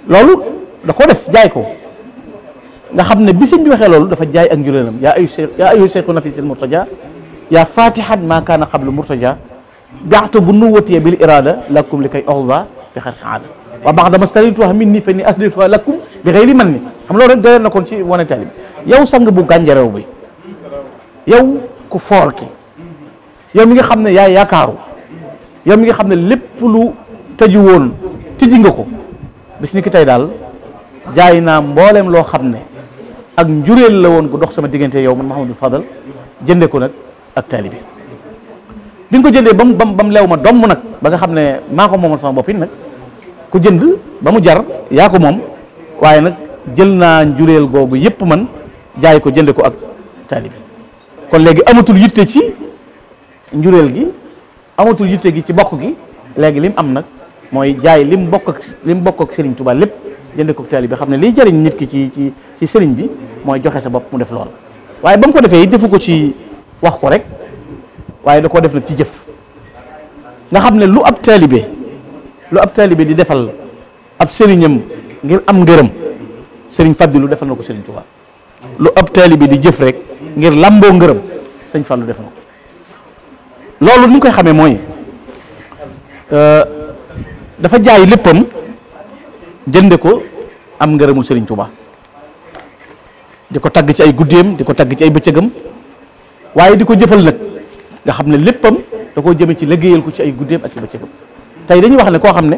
loolu da ko def jaay ko nga xam ne bi sëñ bi waxee loolu dafa jaay ak njuréelam yaa ayu seex yaa ayu seexu nafisil murtaja yaa fatihat ma kaana xablu murtaja biaxtu bu nu watiye bil irada lakum li kay orda bi xar xaada waa baax dama salituwa min ni fa ni aslituwa lakum bi xëy li man ni xam loolu rek doyoon na bu gànjarew bi yow ku foor ki mi nga ne yaa yow mi nga xam ne lépp lu tëju woon tijji nga ko bis ni ki tey daal jaay naa mbooleem loo xam ne ak njureel la woon gu dox sama diggante yow man Mouhamadou Fadal jënde ko nag ak taalibe bi nga ko jëndee ba mu ba mu leew ma domm nag ba nga xam ne maa ko moomal sama bopp nag ku jënd ba jar yaa ko moom waaye nag jël naa njureel googu yépp man jaay ko jënde ko ak taalibe kon léegi amatul yitte ci njureel gi amatul yitte gi ci bokk gi léegi li mu am nag mooy jaay lim bokk ak lim bokk ak Serigne Touba lépp jënd ko taalibe bi xam ne liy jëriñ nit ki ci ci ci Serigne bi mooy joxe sa bopp mu def lool waaye ba mu ko defee defu ko ci wax ko rek waaye da koo def nag ci jëf nga xam ne lu ab taalibe lu ab taalibe di defal ab sëriñam ngir am ngërëm sëriñ Fàddilu defal na ko Serigne Touba lu ab taalibe di jëf rek ngir lamboo ngërëm sëñ Fàllu def na loolu ni ñu koy xamee mooy euh, dafa jaay léppam jënde ko am ngërëmul Serigne Touba di ko tagg ci ay guddeem di ko tagg ci ay bëccëgam waaye di ko jëfal nag nga xam ne léppam da koo jëme ci liggéeyal ko ci ay guddeem ak ci bëccëgam tey dañuy wax ne koo xam ne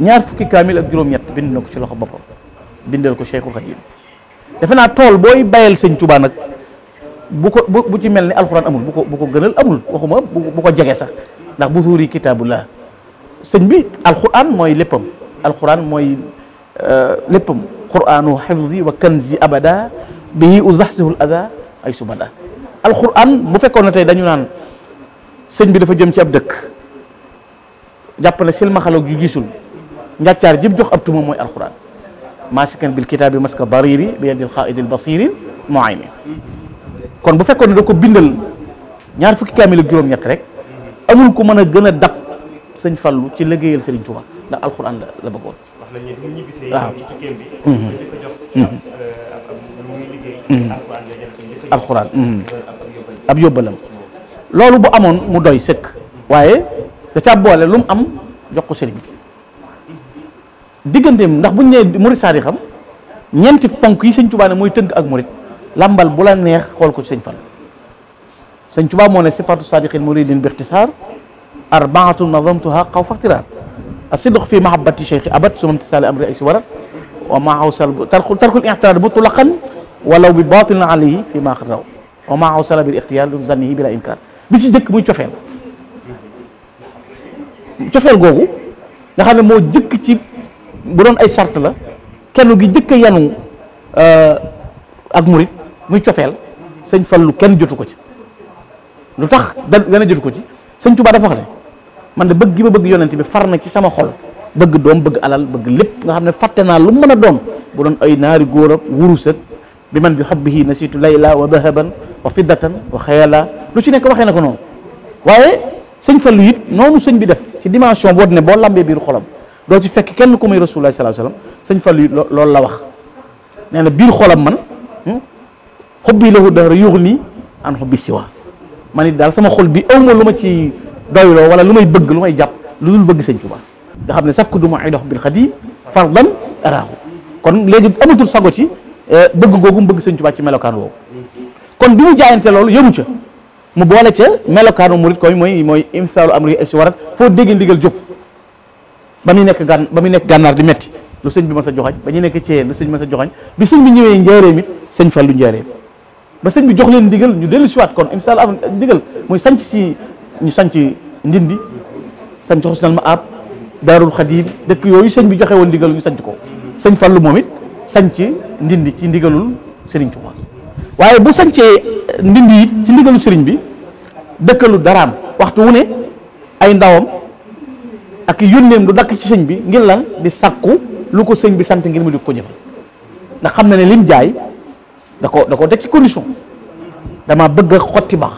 ñaar fukki kaamil ak juróom-ñett bind na ko ci loxo boppam bindal ko Cheikhul Khadim defe naa tool booy bayal Sëñ Touba nag bu bu ci mel ni alxuraan amul bu ko bu ko gënal amul waxuma bu ko jege sax ndax bu suuri kitaabullah sëñ bi alxuraan mooy léppam alxuraan mooy euh, léppam quraanu xifzi wa kanzi abada bihi uzaxsihul ada ay subada alxuraan bu fekkoon na tey dañu naan sëñ bi dafa jëm ci ab dëkk jàpp ne silmaxaloog yu gisul njàccaar jib jox ab tuma mooy alxuraan maasikan bil kitaabi maska dariri bi yadil xaaidil basirin muayni kon bu fekkoon da ko bindal ñaar fukki kaamil ak juróom-ñett rek amul ko mën a gën a dab sëñ Fallu ci liggéeyal Sëriñ Tuubaa ndax alxuraan la la bëggoon. wax ñu gisee. waaw ab yóbbalam loolu bu amoon mu doy sëkk. waaye da caa boole lu mu am jox ko sëriñ bi digganteem ndax bu ñu nee murit saari xam ñeenti ponk yi sëñ Tuubaa ne mooy tënk ak murit. làmbal bu la neex xool ko ci sëñ Fall sëñ Tuubaa moo ne sifatu sadiqil muridin bi ixtisaar arbaatun nazamtuha xaw faxtiraar asidq fi mahabbati cheikhi abat suma mtisaali amri ay si warat wa ma xaw sal tarku tarkul ixtiraar bu tulaqan walaw bi batilin alayhi fi ma xaraw wa ma xaw sala bil ixtiyaar lu zannihi bila inkaar bi ci jëkk muy cofeel cofeel googu nga xam ne moo jëkk ci bu doon ay sart la kenn gi jëkk yanu euh, ak murit muy cofeel sëñ Fallu kenn jotu ko ci lu tax da dana jotu ko ci sëñ Tuubaa dafa wax ne man de bëgg gi ma bëgg yonent bi far na ci sama xol bëgg doom bëgg alal bëgg lépp nga xam ne fatte naa lu mën a doom bu doon ay naari góor ak wurus ak bi man bi xobbihi nasitu layla wa dahaban wa fiddatan wa xayala lu ci nekk waxee na ko noonu waaye sëñ Fallu it noonu sëñ bi def ci dimension boo ne boo lambee biir xolam doo ci fekk kenn ku muy rasulullah sallallahu alayhi sëñ Fallu it loolu la wax nee na biir xolam man xubbi lahu dahra nii an xubbi siwa ma it daal sama xol bi aw ma lu ma ci doyloo wala lu may bëgg lu may jàpp lu dul bëgg sëñ Tuubaa nga xam ne saf ko du ma ay dox bil xadim fardan araahu kon léegi amatul sago ci eh, bëgg googu mu bëgg sëñ Tuubaa ci melokaan woowu kon bi mu jaayante loolu yëru ca mu boole ca melokaanu murit koy mooy mooy imsaalu am ay si warat foo dégg ndigal jóg ba muy nekk gàn ba muy nekk gànnaar di metti lu sëñ bi ma sa joxañ ba ñu nekk cee lu sëñ ma sa joxañ bi sëñ bi ñëwee njaareem it sëñ Fallu njaareem ba sëñ bi jox leen ndigal ñu dellu siwaat kon imsal am ndigal muy sanc si ñu sanc ndindi sanc xusnal ma ab daarul xadim dëkk yooyu sëñ bi joxewoon woon ndigal ñu sanc ko sëñ Fallu moom it sanc ndindi ci ndigalul sëriñ Tuubaa waaye bu sancee ndindi ci ndigalu sëriñ bi dëkkalu daraam waxtu wu ne ay ndawam ak yónneem du dakk ci sëñ bi ngir lan di sakku lu ko sëñ bi sant ngir mu di ko ñëfal ndax xam na ne lim jaay da ko da ko teg ci condition dama bëgg xotti baax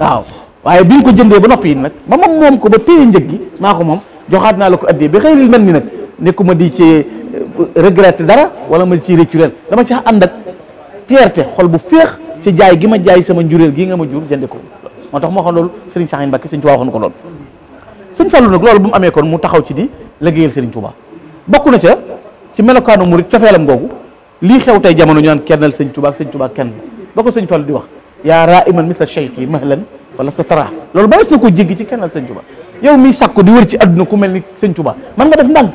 waaw waaye bii ñu ko jëndee ba noppi yi nag ba moom moom ko ba téye njëg gi maa ko moom joxaat naa la ko addee bi xëy li mel ni nag nekkuma di ci euh, regretté dara wala ma di ci récurel dama ci ànd ak fierté xol bu féex ci jaay gi ma jaay sama njureel gi nga ma jur jënde ko moo tax moo xam loolu Serigne Saxin Mbacke Serigne Touba waxoon ko loolu Serigne Fallou nag loolu bu mu amee kon mu taxaw ci di liggéeyal Serigne Touba bokk na ca ci melokaanu murit cofeelam googu lii xew tey jamono ñu naan kennal sëñ kenn ba ko sëñ Fallu di wax yaa raa iman mithla cheikh yi mahlan wala sa tara loolu ba des na ko jéggi ci kennal sëñ Tuubaa yow miy sàkku di wër ci àdduna ku mel ni sëñ man nga def ndànk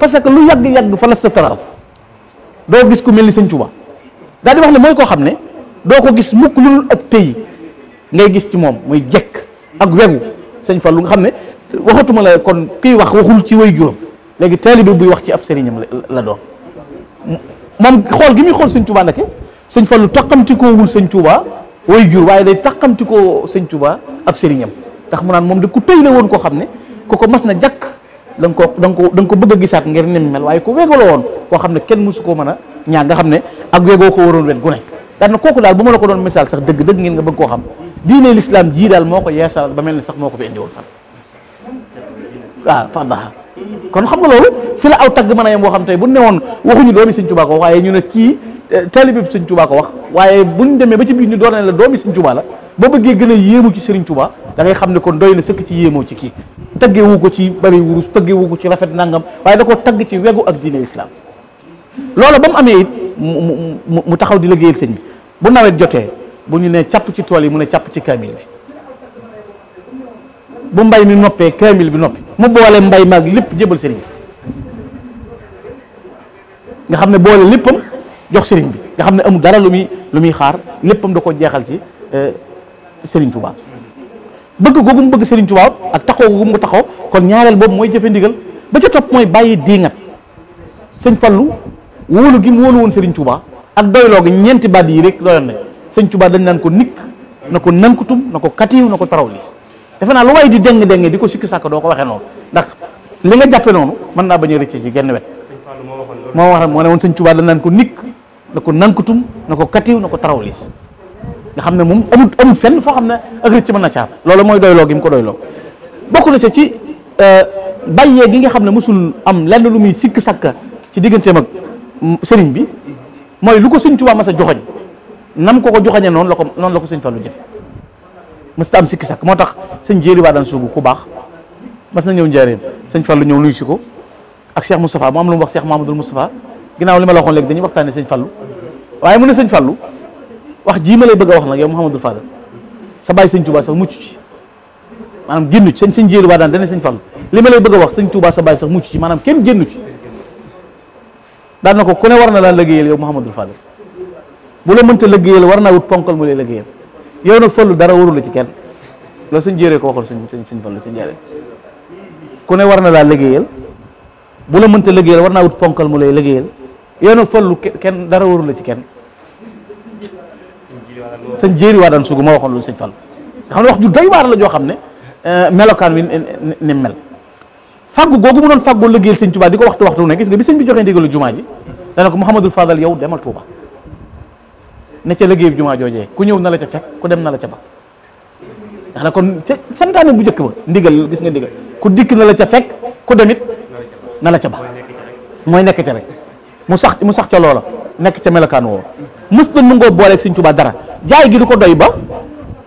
parce que lu yàgg-yàgg fa la sa tara doo gis ku mel ni sëñ Tuubaa daal di wax koo xam ne doo ko gis mukk lu ak tey ngay gis ci moom muy jekk ak wegu sëñ Fallu xam ne waxatuma la kon kuy wax waxul ci way juróom léegi taalibe buy wax ci ab sëriñam la doon moom xool gi muy xool sëñ Touba nag sëñ Fallu taqamtikoowul sañ Touba way jur waaye day taqamtikoo sëñ Touba ab sëriñam tax mu naan moom de ku tëy la woon koo xam ne ku ko mas na jàkk da ko da da nga ko bëgg a gisaat ngir nim mel waaye ku wegala woon koo xam ne kenn mosu koo mën a ñaa nga xam ne ak wegoo ko waroon wen gu ne daan na kooku daal bu ma a ko doon misaal sax dëgg dëgg ngeen nga bëgg koo xam diine l'islam jii daal moo ko yeesalal ba mel ne sax moo ko fi indi woon fan kon xam nga loolu fi la aw tagg mën a yem boo xam tey bu newoon waxuñu doomi Sëñ Tuubaa ko waaye ñu ne kii eh, taalibe bi Sëñ Tuubaa ko wax waaye buñ demee ba ci biir ñu doon la doomi Sëñ Tuubaa la ba bëggee gën a yéemu ci Sëriñ Tuubaa dangay xam ne kon doy na sëkk ci yéemoo ci kii tagge wu ko ci bari wurus tagge wu ko ci rafet nangam waaye da ko tagg ci wegu ak diine islam loola ba mu amee it mu mu taxaw di liggéeyal sëñ bi bu nawet jotee bu ñu ne càpp ci tool yi mu ne càpp ci kaamil bi mbay mi noppee kaamil bi noppi mu boole mbay maag lépp jébal sëriñ bi nga xam ne boole léppam jox sëriñ bi nga xam ne amul dara lu muy lu muy xaar léppam da ko jeexal ci euh, sëriñ Touba bëgg googu mu bëgg sëriñ Touba ak taxaw googu mu ko taxaw kon ñaareel boobu mooy jëfe ndigal ba ca mooy bàyyi diingat sëñ Fallu wóolu gi mu wóolu woon sëriñ Touba ak doyloo gi ñeenti baat yi rek doyoon na sëñ Touba dañ naan ko nikk na ko nankutum na ko katiw na ko taraw liis defe naa lu waay di déng déng di ko sikki sàkk doo ko waxee noonu ndax li nga jàppe noonu mën naa bañ a rëcc ci genn wet moo wax moo ne woon sëñ Tuubaa da naan ko nikk na ko nankutum na ko na ko tarawlis nga xam ne moom amul amul foo xam ne ak rëcc mën na caab loolu mooy doyloo gi mu ko doyloo bokk na ca ci euh, bàyyee gi nga xam ne mësul am lenn lu muy sikk sàkk ci digganteem ak sëriñ bi mooy lu ko sëñ Tuubaa ma sa joxoñ nam ko ko joxoñe noonu la ko noonu la ko sëñ Fallu jëfe mës ta am sikki sakk moo tax sëñ jéeri baa daan suugu ku baax mas na ñëw njaareem sëñ Fallou ñëw nuyu si ko ak Cheikh Moustapha mu am lu mu wax Cheikh Mamadou Moustapha ginnaaw li ma la waxoon léegi dañuy waxtaane sëñ Fallou waaye mu ne sëñ Fallou wax jii ma lay bëgg wax nag yow Mouhamadou Fadal sa bàyyi sëñ Touba sa mucc ci maanaam génnu ci sëñ sëñ jéeri baa daan dane sëñ Fallou li ma lay bëgg wax sëñ Touba sa bàyyi sax mucc ci maanaam kenn génnu ci daan na ko ku ne war na laa liggéeyal yow Mouhamadou Fadal bu la mënta liggéeyal war naa wut ponkal mu lay liggéeyal yow nag fallu dara warul ci kenn loolu suñ jëree ko waxal suñ suñ suñ fallu ci njëriñ ku ne war na laa liggéeyal bu la mënta liggéeyal war naa wut ponkal mu lay liggéeyal yow nag fallu kenn dara warul ci kenn sëñ jéeri waa daan sugu ma waxoon loolu sëñ fallu nga xam ne wax ju doy waar la joo xam ne euh, melokaan wi ni mel faggu googu mu doon faggoo liggéeyal sëñ Tuubaa di ko waxtu waxtu ne gis nga bi sëñ bi joxee ndigalu jumaa ji dana ko Mouhamadul Fadal yow demal ne ca liggéey bi jumaa joojee ku ñëw na la ca fekk ku dem na la ca ba ndax na kon ca santaane bu njëkk ba ndigal gis nga ndigal ku dikk na la ca fekk ku demit na la ca ba mooy nekk ca rek mu sax mu sax ca loola nekk ca melokaan woo mës la nungoo booleeg Sëriñ Tuubaa dara jaay gi du ko doy ba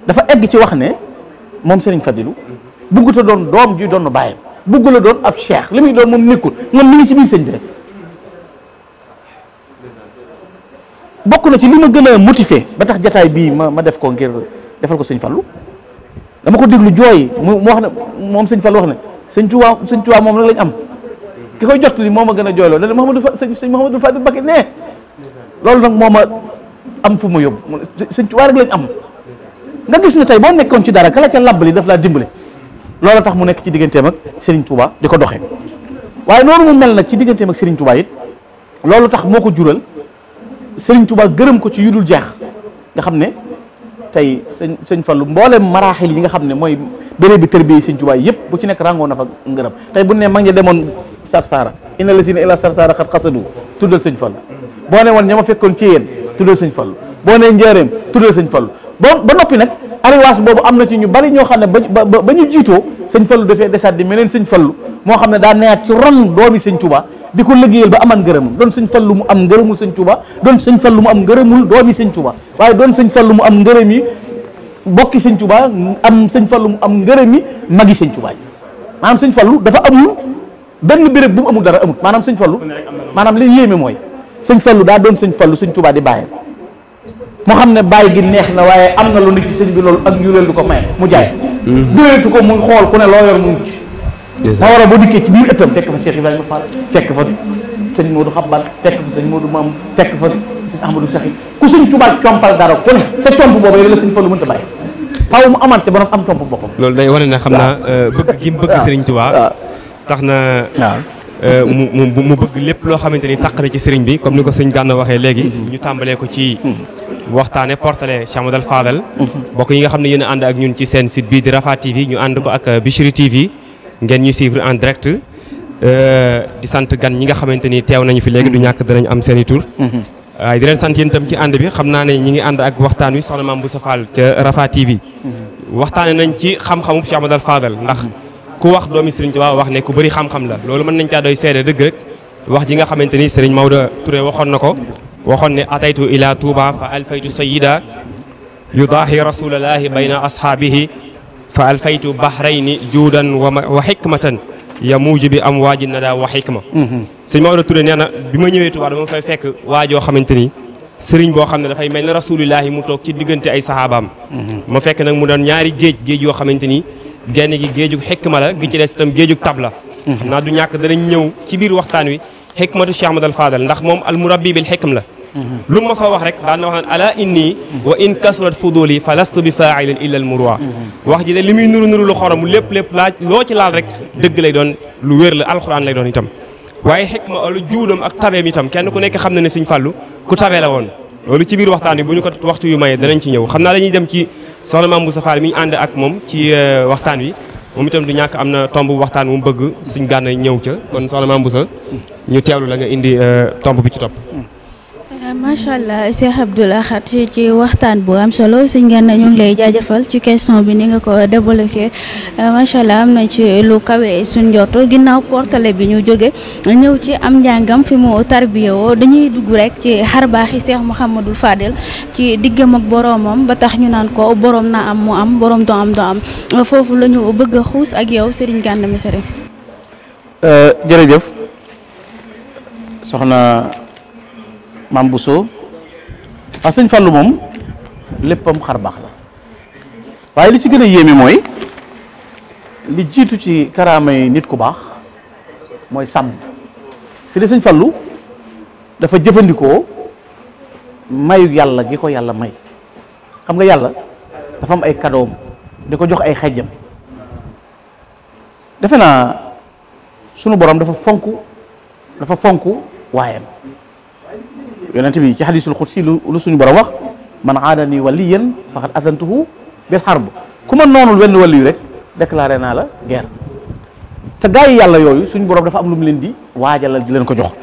dafa egg ci wax ne moom Sëriñ Fadilu bugguta doon doom ju doon bàyyam buggu la doon ab cheikh li muy doon moom nekkul moom mu ngi ci biir sëñ bi rek bokk na ci li ma gën a motivé ba tax jataay bii ma ma def ko ngir defal ko sëñ Fallou dama ko déglu jooy mu wax ne moom sëñ Fallou wax ne sëñ Tuubaa sëñ Tuubaa moom nag lañ am ki koy jot li moo ma gën a jooyloo dana Mouhamadou sëñ sëñ Mouhamadou Fadil Mbacké nee loolu nag moo am fu ma yóbbu sëñ Tuubaa rek lañ am nga gis ne tey boo nekkoon ci dara kala ca labbali daf laa dimbale loolu tax mu nekk ci digganteem ak Serigne Touba di ko doxe waaye noonu mu mel nag ci digganteem ak Serigne Touba it loolu tax moo ko jural Serigne Touba gërëm ko ci yu dul jeex nga xam ne tey sëñ sëñ Fallou mboolem maraaxil yi nga xam ne mooy béréb bi tërbiya yi Sëñ Touba yëpp bu ci nekk rangoo na fa ngërëm tey bu ne mag la si ne ila Sarsara xat xasadu tuddal Sëñ Fallou boo ne woon ña ma fekkoon ci yéen tuddal Sëñ Fallou boo ne njëreem tuddal Sëñ Fallou ba ba noppi nag arrivage boobu am na ci ñu bari ñoo xam ne ba ba ñu jiitoo Sëñ Fallou dafee desaat di meneen Sëñ Fallou moo xam ne daa neyaat ci ron doomi Sëñ Touba di ko liggéeyal ba aman ngërëmam doon sëñ fallu mu am ngërëmul sëñ Tuuba doon sëñ fallu mu am ngërëmul doomi sëñ Tuuba waaye doon sëñ fallu mu am ngërëm yi bokki sëñ Tuuba am sëñ fallu mu am ngërëm yi magi sëñ Tuuba yi maanaam sëñ fallu dafa amul benn béréb bu mu dara amul maanaam sëñ fallu maanaam li yéeme mooy sëñ fallu daa doon sëñ fallu sëñ Tuuba di bàyyam moo xam ne bàyyi gi neex na waaye am na lu ne ci sëñ bi loolu ak yu du ko maye mu jaay duweetu mm-hmm. ko muy xool ku ne loo yor mu ci moo waral boo dikkee ci biir ëttam fekk fa Cheikh Ibrahima Fall fekk fa sëñ Modou Xabbal fekk fa sëñ Modou Mam fekk fa sëñ Ahmadou Saxi ku sëñ Tuubaa compal dara ku ne sa comp boobu léegi la sëñ Fallu mënta bàyyi faaw mu amaat ca borom am comp boppam loolu day wane ne xam naa euh, bëgg gi bëgg sëriñ Tuubaa tax na euh, mu mu bëgg lépp loo xamante ni taq na ci sëriñ bi comme ni ko sëñ Gana waxee léegi mm-hmm. ñu tàmbalee ko ci mm-hmm. waxtaane portale Chamadal Fadal mm-hmm. bokk yi nga xam ne yéen ñun ci seen site bii di Rafah TV ñu ànd ko ak euh, Bichri TV ngeen ñuy suivre en direct euh, di sant gan ñi nga xamante ni teew nañu fi léegi du ñàkk danañ am seen i tur. Mhm. waaye di leen sant yéen itam ci ànd bi xam naa ne ñi ngi ànd ak waxtaan wi soxna Mame Boussa Fall ca Rafa TV. Mhm. waxtaane nañ ci xam-xamu Cheikh Ahmadou Fadal ndax ku wax doomi Serigne Touba wax ne ku bëri xam-xam la loolu mën nañ caa doy seede dëgg rek wax ji nga xamante ni Serigne Maodo Touré waxoon na ko waxoon ne ataytu ila Touba fa alfaytu sayida yudaahi rasulallaahi bayna ashaabihi fa alfaytu bahrayni juudan wa xikmatan ya mujibi am waaji na daa wa xikma mhm. sëñ Maodo Touré nee na bi ma ñëwee Tuubaa dama fay fekk waajoo xamante ni sëriñ boo xam ne dafay mel ne rasulillahi mu toog ci diggante ay saxaabaam mhm. ma fekk nag mu doon ñaari géej géej yoo xamante ni genn gi géejug xikma la gi ci des itam géejug tab la mhm. xam naa du ñàkk danañ ñëw ci biir waxtaan wi xikmatu ma Ahmadou Fadal ndax moom almurabbi bil xikma la lu mos a wax rek daan na wax naan ala inni wa in kasurat fuduli fa lastu bi faailin illa al wax ji de li muy nuru nuru lu xorom lépp lépp laaj loo ci laal rek dëgg lay doon lu wér la alxuraan lay doon itam waaye xikma alu juudam ak tabeem itam kenn ku nekk xam na ne Sëñ Fallu ku tabe la woon loolu ci biir waxtaan bi bu ñu ko waxtu yu mayee danañ ci ñëw xam naa dañuy dem ci soxna Maam sa Fall mi ñu ànd ak moom ci euh, waxtaan wi moom itam du ñàkk am na tomb waxtaan mu bëgg suñ gànna ñëw ca kon soxna Maam Boussa ñu teewlu la nga indi euh, tomb bi ci topp Euh, macha allah Cheikh Abdoul Ahad ci waxtaan bu am solo si ngeen ñu ngi lay jaajëfal ci question bi ni nga ko débloqué euh, macha allah am na ci lu kawe suñ njorto ginnaaw portale bi ñu jóge ñëw ci am njàngam fi mu woo dañuy dugg rek ci xar baax baaxi Cheikh Mouhamadul Fadel ci diggam ak boromam ba tax ñu naan ko borom na am mu am borom do am do am euh, foofu lañu ñu bëgg a xuus ak yow Serigne Gana Messere. jërëjëf maam Bousso waaw ah, sëñ Fallou moom léppam xar baax la waaye li ci gën a yéeme mooy li jiitu ci karaamay nit ku baax mooy sàmm fi de sëñ Fallou dafa jëfandikoo mayu yàlla gi ko yàlla may xam nga yàlla dafa am ay kadoom di ko jox ay xejjam defe naa sunu borom dafa fonk dafa fonk waayam yonent bi ci hadisul xudsi lu lu suñu borom wax man aadani waliyan faqad azantuhu bil harb ku ma noonul wenn waliyu rek déclaré naa la guerre te gaa yi yàlla yooyu suñu borom dafa am lu mu leen di waajalal di leen ko jox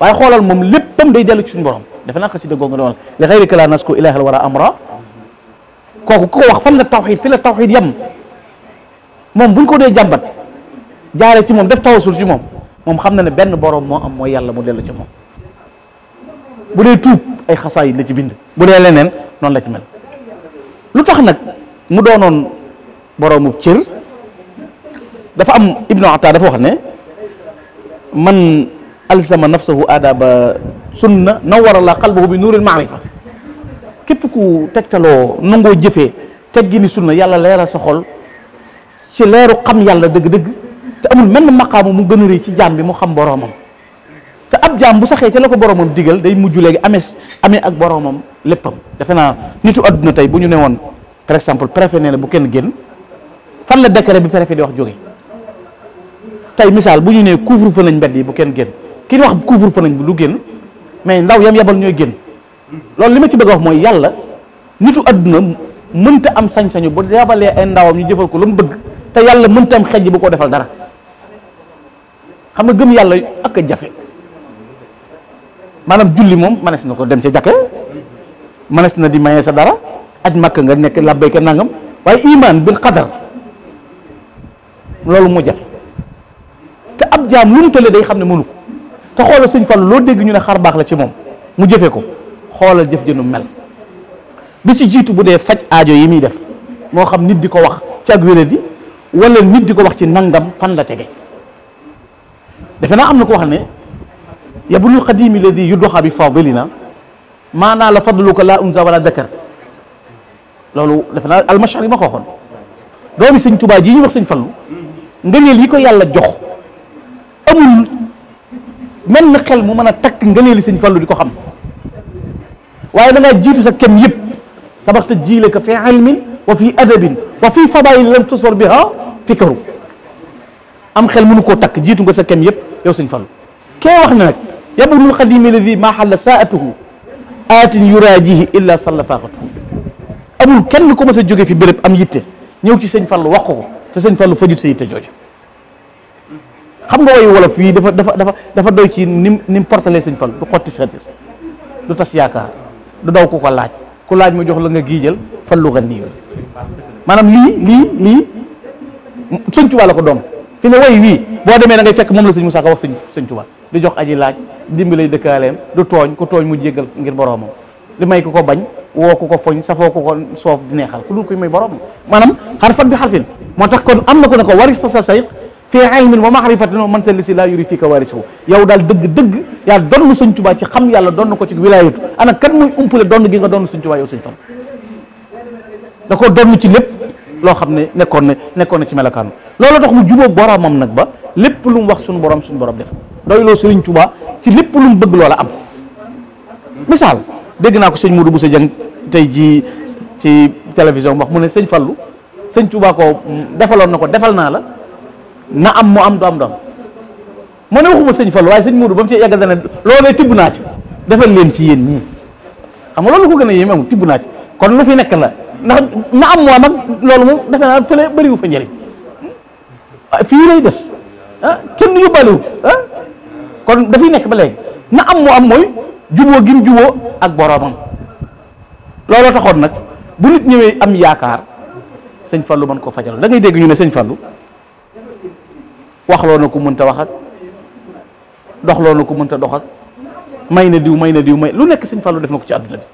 waaye xoolal moom léppam day dellu ci suñu borom defe naa ko ci déggoo nga doon li xayrika laa nasku ilaahal wara amra kooku ko wax fan la tawxid fi la tawxid yam moom buñ ko dee jàmbat jaare ci moom def tawasul ci moom moom xam na ne benn borom moo am mooy yàlla mu dellu ci moom bu dee tuub ay xasaay la ci bind bu dee leneen noonu la ci mel lu tax nag mu doonoon boroomu cër dafa am ibnu ataa dafa wax ne man alzama nafsahu aadaba sunna nawara la qalbahu bi nuuril maarifa képp ku tegtaloo nangoo jëfee teggini sunna yàlla leeral sa xol ci leeru xam yàlla dëgg-dëgg te amul menn maqaamu mu gën a rëy ci jaam bi mu xam boroomam te ab jaam bu saxee ca la ko boromam digal day mujj léegi ames amee ak boromam léppam defe naa nitu adduna tey bu ñu nee woon par exemple préfet nee bu kenn génn fan la décret bi préfet di wax jóge tey misaal bu ñu nee couvre-feu nañ mbedd yi bu kenn génn ki wax couvre-feu nañ bu lu génn mais ndaw yam yabal ñooy génn loolu li ma ci bëgg a wax mooy yàlla nitu adduna mënta am sañ-sañu bu yabalee ay ndawam ñu jëfal ko lu mu bëgg te yàlla mënta am xej bu ko defal dara xam nga gëm yàlla ak jafe maanaam julli moom manees na ko dem ca jàkke manees na di maye sa dara aj màkk nga nekk labbayka nangam waaye imaan bil qadar loolu mu jafe te ab jaam lu mu tëlee day xam ne mënu ko te xoolal sëñ Fallu loo dégg ñu ne xar baax la ci moom mu jëfee ko xoolal jëf jënu mel bi ci jiitu bu dee faj aajo yi muy def moo xam nit di ko wax ci ak wéradi wala nit di ko wax ci nangam fan la tege defe naa am na ko wax ne ya bnu xadimi ladi yuddoxa bi fadilina maanaa la fadluka la unsa wala dakar loolu defe naa almashar yi ma ko waxoon doomi sëñ tubaa ji ñu wax sëñ fallu ngëneel yi ko yàlla jox amul mel na xel mu mën a takk ngëneeli sëñ fallu di ko xam waaye da ngaa jiitu sa kem yëpp sabaxta jiilaka fi ilmin wa fi adabin wa fi fadail lam tusor biha fikaru am xel mënu koo takk jiitu nga sa kem yëpp yow sëñ fallu kee wax na nag ya bnul xadimi alladi maa xalla saatuhu aatin yuraajihi illa salla faaxatuhu amul kenn ku mas a jóge fi béréb am yitte ñëw ci sëñ Fallu wax ko te sëñ Fallu fajut sa yitte jooju xam nga way wolof yii dafa dafa dafa dafa doy ci nim ni mu portale sëñ Fallu du xotti satir du tas yaakaar du daw ku ko laaj ku laaj ma jox la nga giijal fallu nga nii maanaam lii lii lii sëñ Tuubaa la ko doom fi ne way wii boo demee da fekk moom la sëñ Musaa wax sëñ sëñ du jox aji laaj dimbali dëkkaaleem du tooñ ku tooñ mu jéggal ngir boroomam li may ku ko bañ woo ku ko foñ safoo ku ko soof di neexal ku dul koy may boroomam maanaam xarfan bi xarfin moo tax kon am na ko ne ko waris sa sayq fii ilmin wa maxrifatin wa man sa lisi laa yuri fii ka warisuhu yow daal dëgg-dëgg yaa donn Sëñ Tuubaa ci xam yàlla donn ko ci wilaayatu ana kan muy umpale donn gi nga donn Sëñ Tuubaa yow Sëñ Fallu da ko donn ci lépp loo xam ne nekkoon na nekkoon na ci melokaanu loolu tax lépp lu mu wax suñu borom suñu borom def doyloo Serigne Touba ci lépp lu mu bëgg loola am misaal dégg naa ko sëñ Modou sa Dieng tey jii ci télévision wax mu ne sëñ Fallou sëñ Touba ko defaloon na ko defal naa la na am mu am du am du am ma ne waxuma sëñ Fallou waaye sëñ Modou ba mu ci yegg dana loolee tibb naa ci defal leen ci yéen ñii xam nga loolu ko gën a yéeme tibb naa ci kon lu fi nekk la ndax na am mu am ak loolu moom defe naa fële bëriwu fa njëriñ fii ah kenn yóbbaalewu ah kon dafay nekk ba léegi na am moo am mooy juboo gin juboo ak boroomam looloo taxoon nag bu nit ñëwee am yaakaar sëñ Fallu mën koo fajal da ngay dégg ñu ne sëñ Fallu waxloo na ko mënta wax ak doxloo na ko mënta dox ak may na diw may na diw may lu nekk sëñ Fallu def na ko ci àdduna bi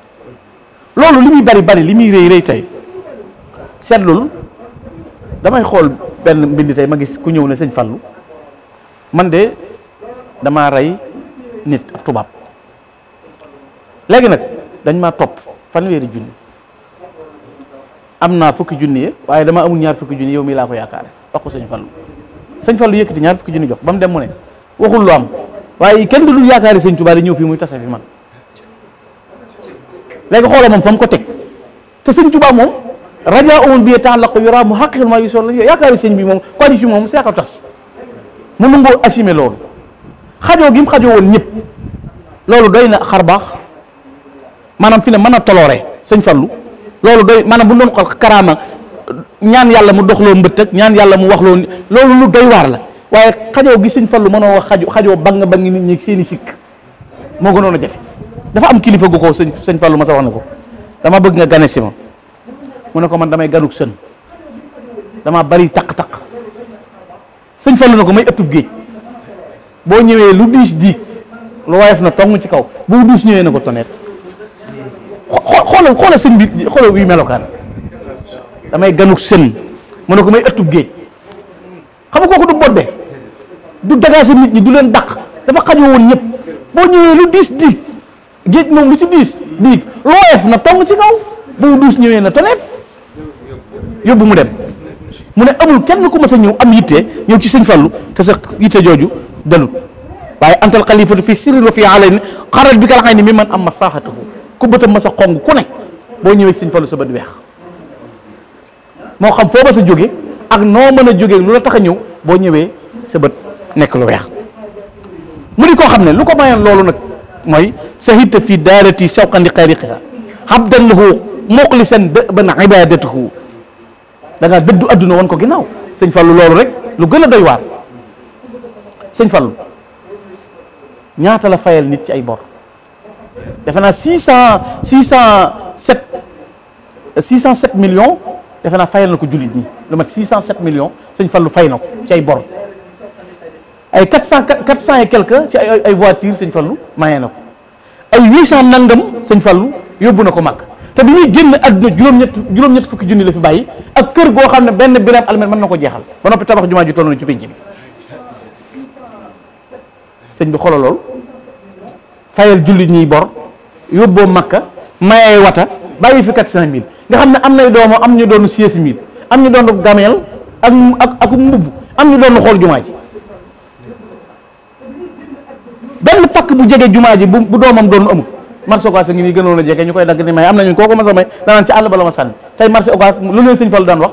loolu li muy bari bari li muy rëy rëy tey seetlul damay xool benn mbind tey ma gis ku ñëw ne sëñ Fallu man de damaa rey nit ab tubaab léegi nag dañ maa topp fanweeri junni am naa fukki junni ye waaye dama amul ñaar fukki junni yow mii laa ko yaakaare wax ko sëñ Fallu sëñ Fallu ñaar fukki junni jox ba mu dem mu ne waxul lu am waaye kenn du sëñ Tuubaa di ñëw fii muy tase fi man léegi xoolal moom fa mu ko teg te sëñ Tuubaa moom raja oon bi temps la ko yoraa mu xàqil maa yu sol la yaakaari sëñ bi moom ko di ci moom tas mu nangoo assumé loolu xajoo gi mu xajoo woon ñëpp loolu doy na xar baax maanaam fi ne mën a toloore sëñ Fallu loolu doy maanaam bu doon xool karaama ñaan yàlla mu doxloo mbët ak ñaan yàlla mu wax loo lu doy waar la waaye xajoo gi sëñ Fallu mënoo wax xajoo bag xajoo bang bang nit ñi seen i sikk moo gënoon a jafe dafa am kilifa gu ko sëñ sëñ Fallu ma sa wax ne ko dama bëgg nga gane si ma mu ne ko man damay ganuk sën dama bari taq-taq sëñ Fallu na ko may ëttub géej boo ñëwee lu diis diig lu woyof na tong ci kaw bu diis ñëwee na ko tonet xoolal xoolal sëñ bi melokaan damay ganuk sën mu ne ko may ëttub géej xam nga kooku du bodde du dagaase nit ñi du leen dàq dafa xajoo woon ñëpp boo ñëwee lu géej moom lu ci diis diig lu na tong ci kaw duus ñëwee na tonet yóbbu mu dem mu ne amul kenn ku mas a ñëw am yitte ñëw ci sëñ Fallu te sa yitte jooju dalut waaye antal xalifatu fi sirri wa fi alayn xarat bi kal ayni mi man am ma saaxatahu ku bëtam ma sa xong ku nekk boo ñëwee sëñ Fallu sa bët weex moo xam a jóge ak noo mën jóge lu tax ñëw boo ñëwee sa nekk lu weex mu ni koo xam ne lu ko mayoon loolu nag mooy sa sahita fi daarati shawqan li xayriqiha habdan lahu muxlisan dëban ibadatuhu dangaa ngaa dëddu adduna woon ko ginnaaw sëñ fallu loolu rek lu gën a doy waar sëñ Fallou ñaata la fayal nit ci ay bor defe naa six cent six cent sept six cent sept millions defe naa fayal na ko jullit ñi lu mat six cent sept millions sëñ fallu fay na ko ci ay bor ay quatre cent quatre cent et quelque ci ay ay sëñ Fallou maye na ko ay huit cent nangam sëñ Fallou yóbbu na ko mag te bi ñuy génn àdduna juróom-ñett fukki junni la fi bàyyi ak kër goo xam ne benn biraab almet mën na ko jeexal ba noppi tabax jumaa ju toll na ci pénc bi sëñ bi xoolal lool fayal jullit ñiy bor yóbboo makka mayay wata bàyyi fi quatre cent mille nga xam ne am na doomo am ñu doon seize mille am ñu doon gameel ak ak ak mbubb am ñu doon xool jumaa ji benn pakk bu jege jumaa ji bu doomam doon amul marché occas ngi nii gënoon a jege ñu koy dagg ni may am nañu kooku ma sa may danaan ci àll ba la ma sànni tey marché occas lu leen sëñ Fallu daan wax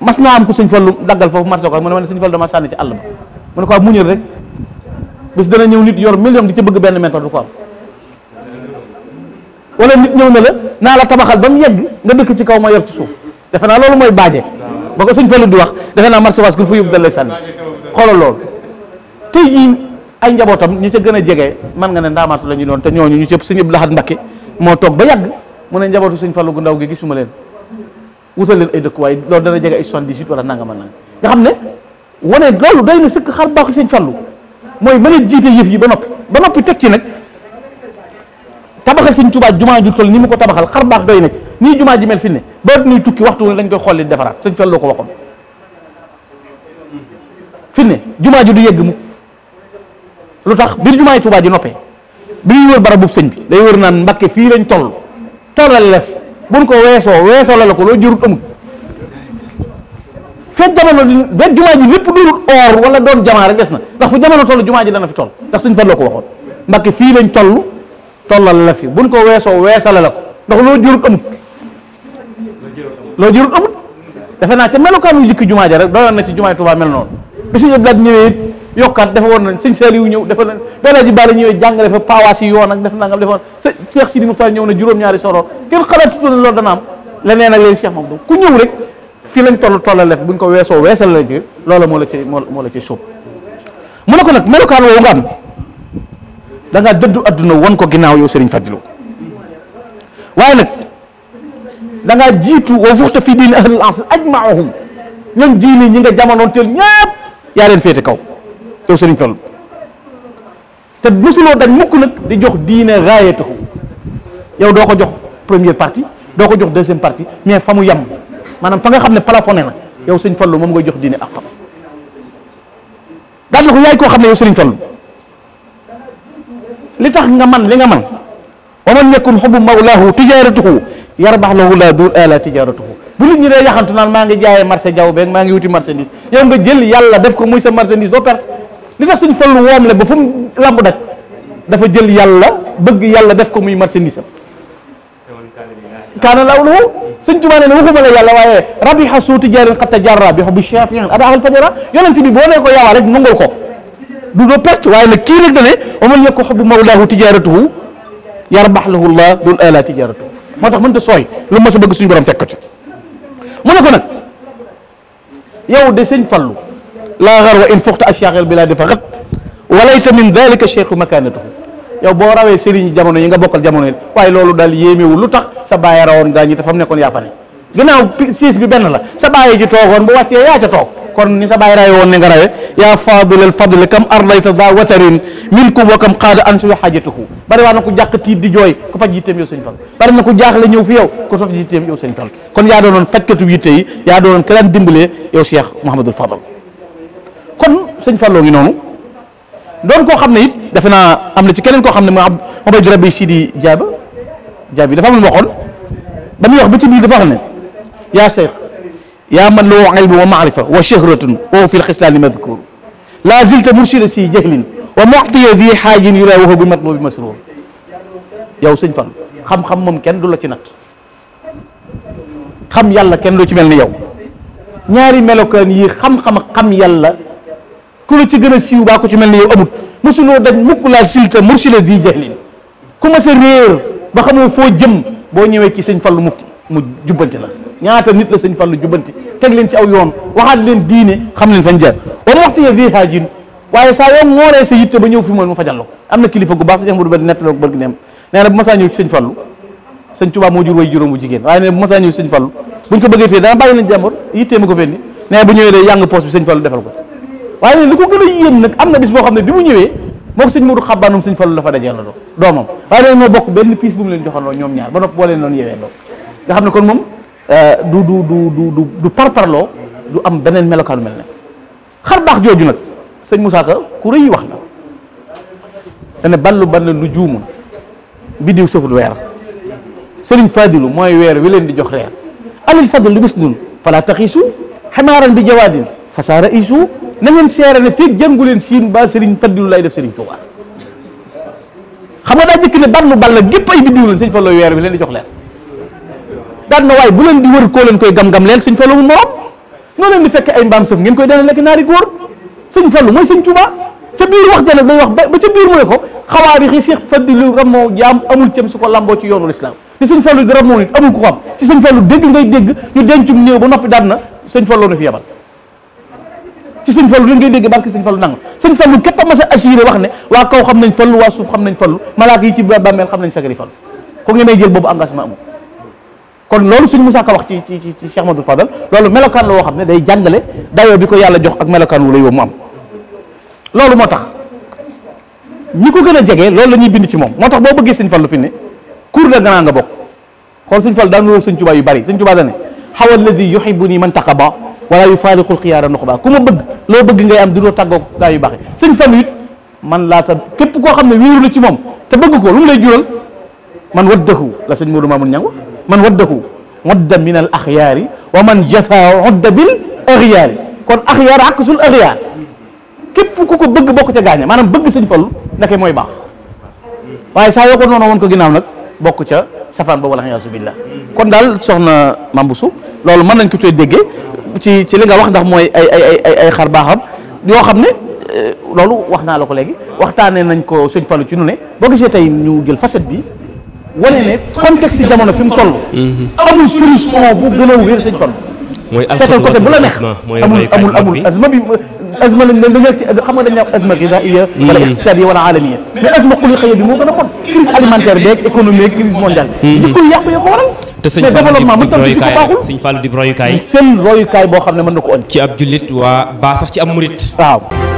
mas naa am ko sëñ Fallu daggal foofu marché occas mu ne ma ne sëñ Fallu dama sànni ci àll ba mu ne ko muñal rek bis dana ñëw nit yor million di ci bëgg benn mentor du ko am wala nit ñëw na la naa la tabaxal ba mu yegg nga dëkk ci kaw ma yor ci suuf defe naa loolu mooy baaje ba ko sëñ Fallu di wax defe naa marché occas ku fa yóbbu dal ay njabootam ñu ca gën a jege man nga ne ndaamaatu la ñu doon te ñoo ñu cëpp suñu Abdou Lahad Mbacké moo toog ba yàgg mu ne njabootu suñ Fallu gu ndaw gi gisuma leen wutal leen ay dëkkuwaay loolu dana jege ay 78 wala nangama nang nga xam ne wane loolu doy na sëkk xar baaxu sëñ Fallu mooy mën jiite yëf yi ba noppi ba noppi teg ci nag tabaxal sëñ tubaat jumaa ju toll ni mu ko tabaxal xar baax doy na ci nii jumaa ji mel fi ne ba nuy tukki waxtu ne dañ koy xolli defaraat sëñ Fallu ko waxoon fi ji du yegg lu tax biir jumaay Tuubaa ji noppee bi ñuy wër barab bu bi day wër naan Mbàkke fii lañ toll tollal lef fi buñ ko weesoo weesoo la ko loo jurut amul fekk jamono di fekk jumaa ji lépp duurut or wala jamaa rek des na ndax fu jamono toll jumaa ji dana fi toll ndax suñ fa la ko waxoon fii lañ toll tollal la fi buñ ko weesoo weesale la ndax loo jurut amut loo jurut amut defe naa ca melokaanu jikki jumaa ja rek doyoon na ci jumaay Tuubaa mel noonu bi suñu blaat ñëwee it yokkaat dafa woon nañ sëñ Saliou ñëw dafa nañ benn ji bàyyi ñëwee jàngale fa paawaas yi yoon ak def nangam defoon sëñ Cheikh Sidi Moukhtar ñëw na juróom-ñaari soro kenn xalaatutoon loolu dana am leneen ak leen Cheikh Mamadou ku ñëw rek fii lañ toll tollale fi bu ñu ko weesoo weesal la ci loola moo la ci moo la ci mu ne ko nag melokaan woowu nga am da ngaa dëddu adduna won ko ginnaaw yow Serigne Fadilou waaye nag da ngaa jiitu wa fuxta fi diini ahlil ans ajmaahum ñoom diini ñi nga jamonoon teel ñëpp yaa leen féete kaw yow sëriñ Fallu te mosuloo dañ mukk nag di jox diine raayatahu yow doo ko jox première parti doo ko jox deuxième parti mais fa mu yem maanaam fa nga xam ne plafonné na yow sëriñ Fallu moom ngay jox diine ak xam daal na ko yaay koo xam ne yow sëriñ Fallu li tax nga man li nga man wa man yakun hubbu mawlaahu tijaratuhu yarbax lahu la dur ala tijaratuhu bu nit ñi dee yaxantu naan maa ngi jaayee marché jaww beeg maa ngi wuti marchandise yow nga jël yàlla def ko muy sa marchandise doo perte li tax suñ fallu woom le ba fu mu lamb daj dafa jël yàlla bëgg yàlla def ko muy marchandise am kaana lawluhu suñ tubaa nee ne waxuma la yàlla waaye rabiha suu tijaarin qad tajarra bi hubbi shafiin ada al fajara yonent bi boo nee ko yaawaa rek nangul ko du doo perte waaye nag kii rek da ne wa man yakun hubbu mawlaahu tijaratuhu yarbax lahu llah dul ala tijaratuhu moo tax mënta sooy lu ma sa bëgg suñu borom fekk ci mu ne ko nag yow de sëñ fallu laa xar wa in foxta ashaaqil bi laa defa xat walayta min dalika cheikhu makaanatahu yow boo rawee sëriñ jamono yi nga bokkal jamono yi waaye loolu daal yéemewul lu tax sa bàyyi rawoon gaa ñi te fa mu nekkoon yaa fa ne gannaaw siis bi benn la sa bàyyi ji toogoon bu wàccee yaa ca toog kon ni sa baay rawe woon ne nga rawe yaa fadilal fadli kam ardayta da watarin min kum wa kam xaada an suwa xaajatuhu bari waa na ko jàq tiit di jooy ko faj yitteem yow sëñ Fall bari na ko jaaxle ñëw fi yow ko kon yaa doonoon fajkatu yitte yi yaa doonoon ki daan dimbalee yow Cheikh Mouhamadul Fadal kon sëñ Falloo ngi noonu doon koo xam ne it defe naa am na ci keneen koo xam ne moo Obayd Rabi Sidi Diaba Diaby dafa am lu waxoon ba muy wax ba ci biir dafa wax ne yaa yaa man loo ilmu wa maarifa wa shahratun wa fi lxislaani madkur laa zilta murshida si jahlin wa muctiya di xaajin yu lay waxu bi matlubi masruur yow sëñ fan xam-xam moom kenn du la ci natt xam yàlla kenn du ci mel ni yow ñaari melokaan yi xam-xam ak xam yàlla ku la ci gën a siiw baa ko ci mel ni yow amut mosuloo daj mukk laa zilta murshida di jahlin ku ma sa réer ba xamoo foo jëm boo ñëwee ci sëñ Fallu mufti mu jubbante la ñaata nit la sëñ Fallu jubbanti teg leen ci aw yoon waxaat leen diine xam leen fañ jaar wala waxtu ya bii haajin waaye saa yoo ngooree sa yitte ba ñëw fi moom mu fajal ko am na kilifa gu baax sañ Ahmadu Bamba ko ci waaye nee bu ko gën a yéem nag am na bis boo xam ne bi mu ñëwee moom sëñ Moodu xabbaanum sëñ Fallu dafa dajee la doomam waaye moo bokk benn piis bu mu leen joxaloo ñoom ñaar ba nopp boo leen noonu yewee nga xam ne kon moom Euh, du du du du parparloo du am beneen melokaanu mel ne xar baax jooju nag sëñ Moussa Ka ku rëy wax la dane ballu bann lu juumun biddiw sëfut weer sëriñ Fadilu mooy weer wi leen di jox reer alil fadl lu bis nun fala taxiisu xamaaran bi jawaadin fasaara isu na ngeen seere ne fii jëngu leen siin ba sëriñ Fadilu lay def sëriñ Tuubaa xam nga daa jëkk ne ballu ball gépp ay biddiw leen sëñ Fallou weer wi leen di jox leer daan na waaye bu leen di wër koo leen koy gam-gam leen suñ fallu mu morom noo leen di fekk ay mbaam sëf ngeen koy dana lekk naari góor suñ fallu mooy suñ Tuubaa ca biir wax jële day wax ba ca biir mu ne ko xawaari yi Cheikh Fadilu moo jaam amul cëm su ko lamboo ci yoonu lislaam di suñ fallu di ramoo nit amul ko xam ci suñ fallu dégg ngay dégg ñu dencum néew ba noppi daan na suñ fallu na fi yebal ci suñ fallu da ngay dégg barke suñ fallu nang suñ fallu képp a mas a wax ne waa kaw xam nañ fallu waa suuf xam nañ fallu malaaka yi ci bàmmeel xam nañ sagari fallu ko ngi may jël boobu engagement kon loolu suñ mu Ka wax ci ci ci Cheikh Madou Fadal loolu melokaan la woo xam ne day jàngale dayoo bi ko yàlla jox ak melokaan wu la yow mu am loolu moo tax ñi ko gën a jege loolu la ñuy bind ci moom moo tax boo bëggee Sëñ Fallu fi ne cour de grand nga bokk xool Sëñ Fallu daan woo Sëñ Tuubaa yu bari Sëñ Tuubaa dane xaw alladi yuhibbuni man a wala yufaariqul xiyaara nuxba ku ma bëgg loo bëgg ngay am du doo tàggoo gaa yu baax Sëñ Fallu it man laa sa képp koo xam ne wéeru la ci moom te bëgg ko lu mu lay jural man waddahu la sëñ Moodu man waddahu wadda min al axyaari wa man jafa wadda bil axyaari kon axyaar ak sul axyaar képp ku ko bëgg bokk ca gaaña maanaam bëgg sëñ Fallu ndake mooy baax waaye saa yoo ko noonu woon ko ginnaaw nag bokk ca safaan boobu waliyaasu billah kon daal soxna Mambusu loolu mën nañ ko cooy déggee ci ci li nga wax ndax mooy ay ay ay ay xar baaxam yoo xam ne euh, loolu wax naa la ko léegi waxtaanee nañ ko sëñ Fallu ci nu ne boo gisee tey ñu jël facette bi wane ne contexte jamono fi mu toll. Mhm. amul solution bu gën a wér sëñ Fallu. mooy seetal côté bu la neex amul amul amul asma bi asma lañ leen dañoo xam nga dañ ne asma gidaiya wala iqtisadiya wala alamiya mais asma xuliqiya bi moo gën a xon crise alimentaire beeg économique crise mondiale mhm. di koy yàqu ya ko waral te sëñ di royukaay seen royukaay boo xam ne mën na ko ënd ci ab jullit wa baa sax ci ab murit waaw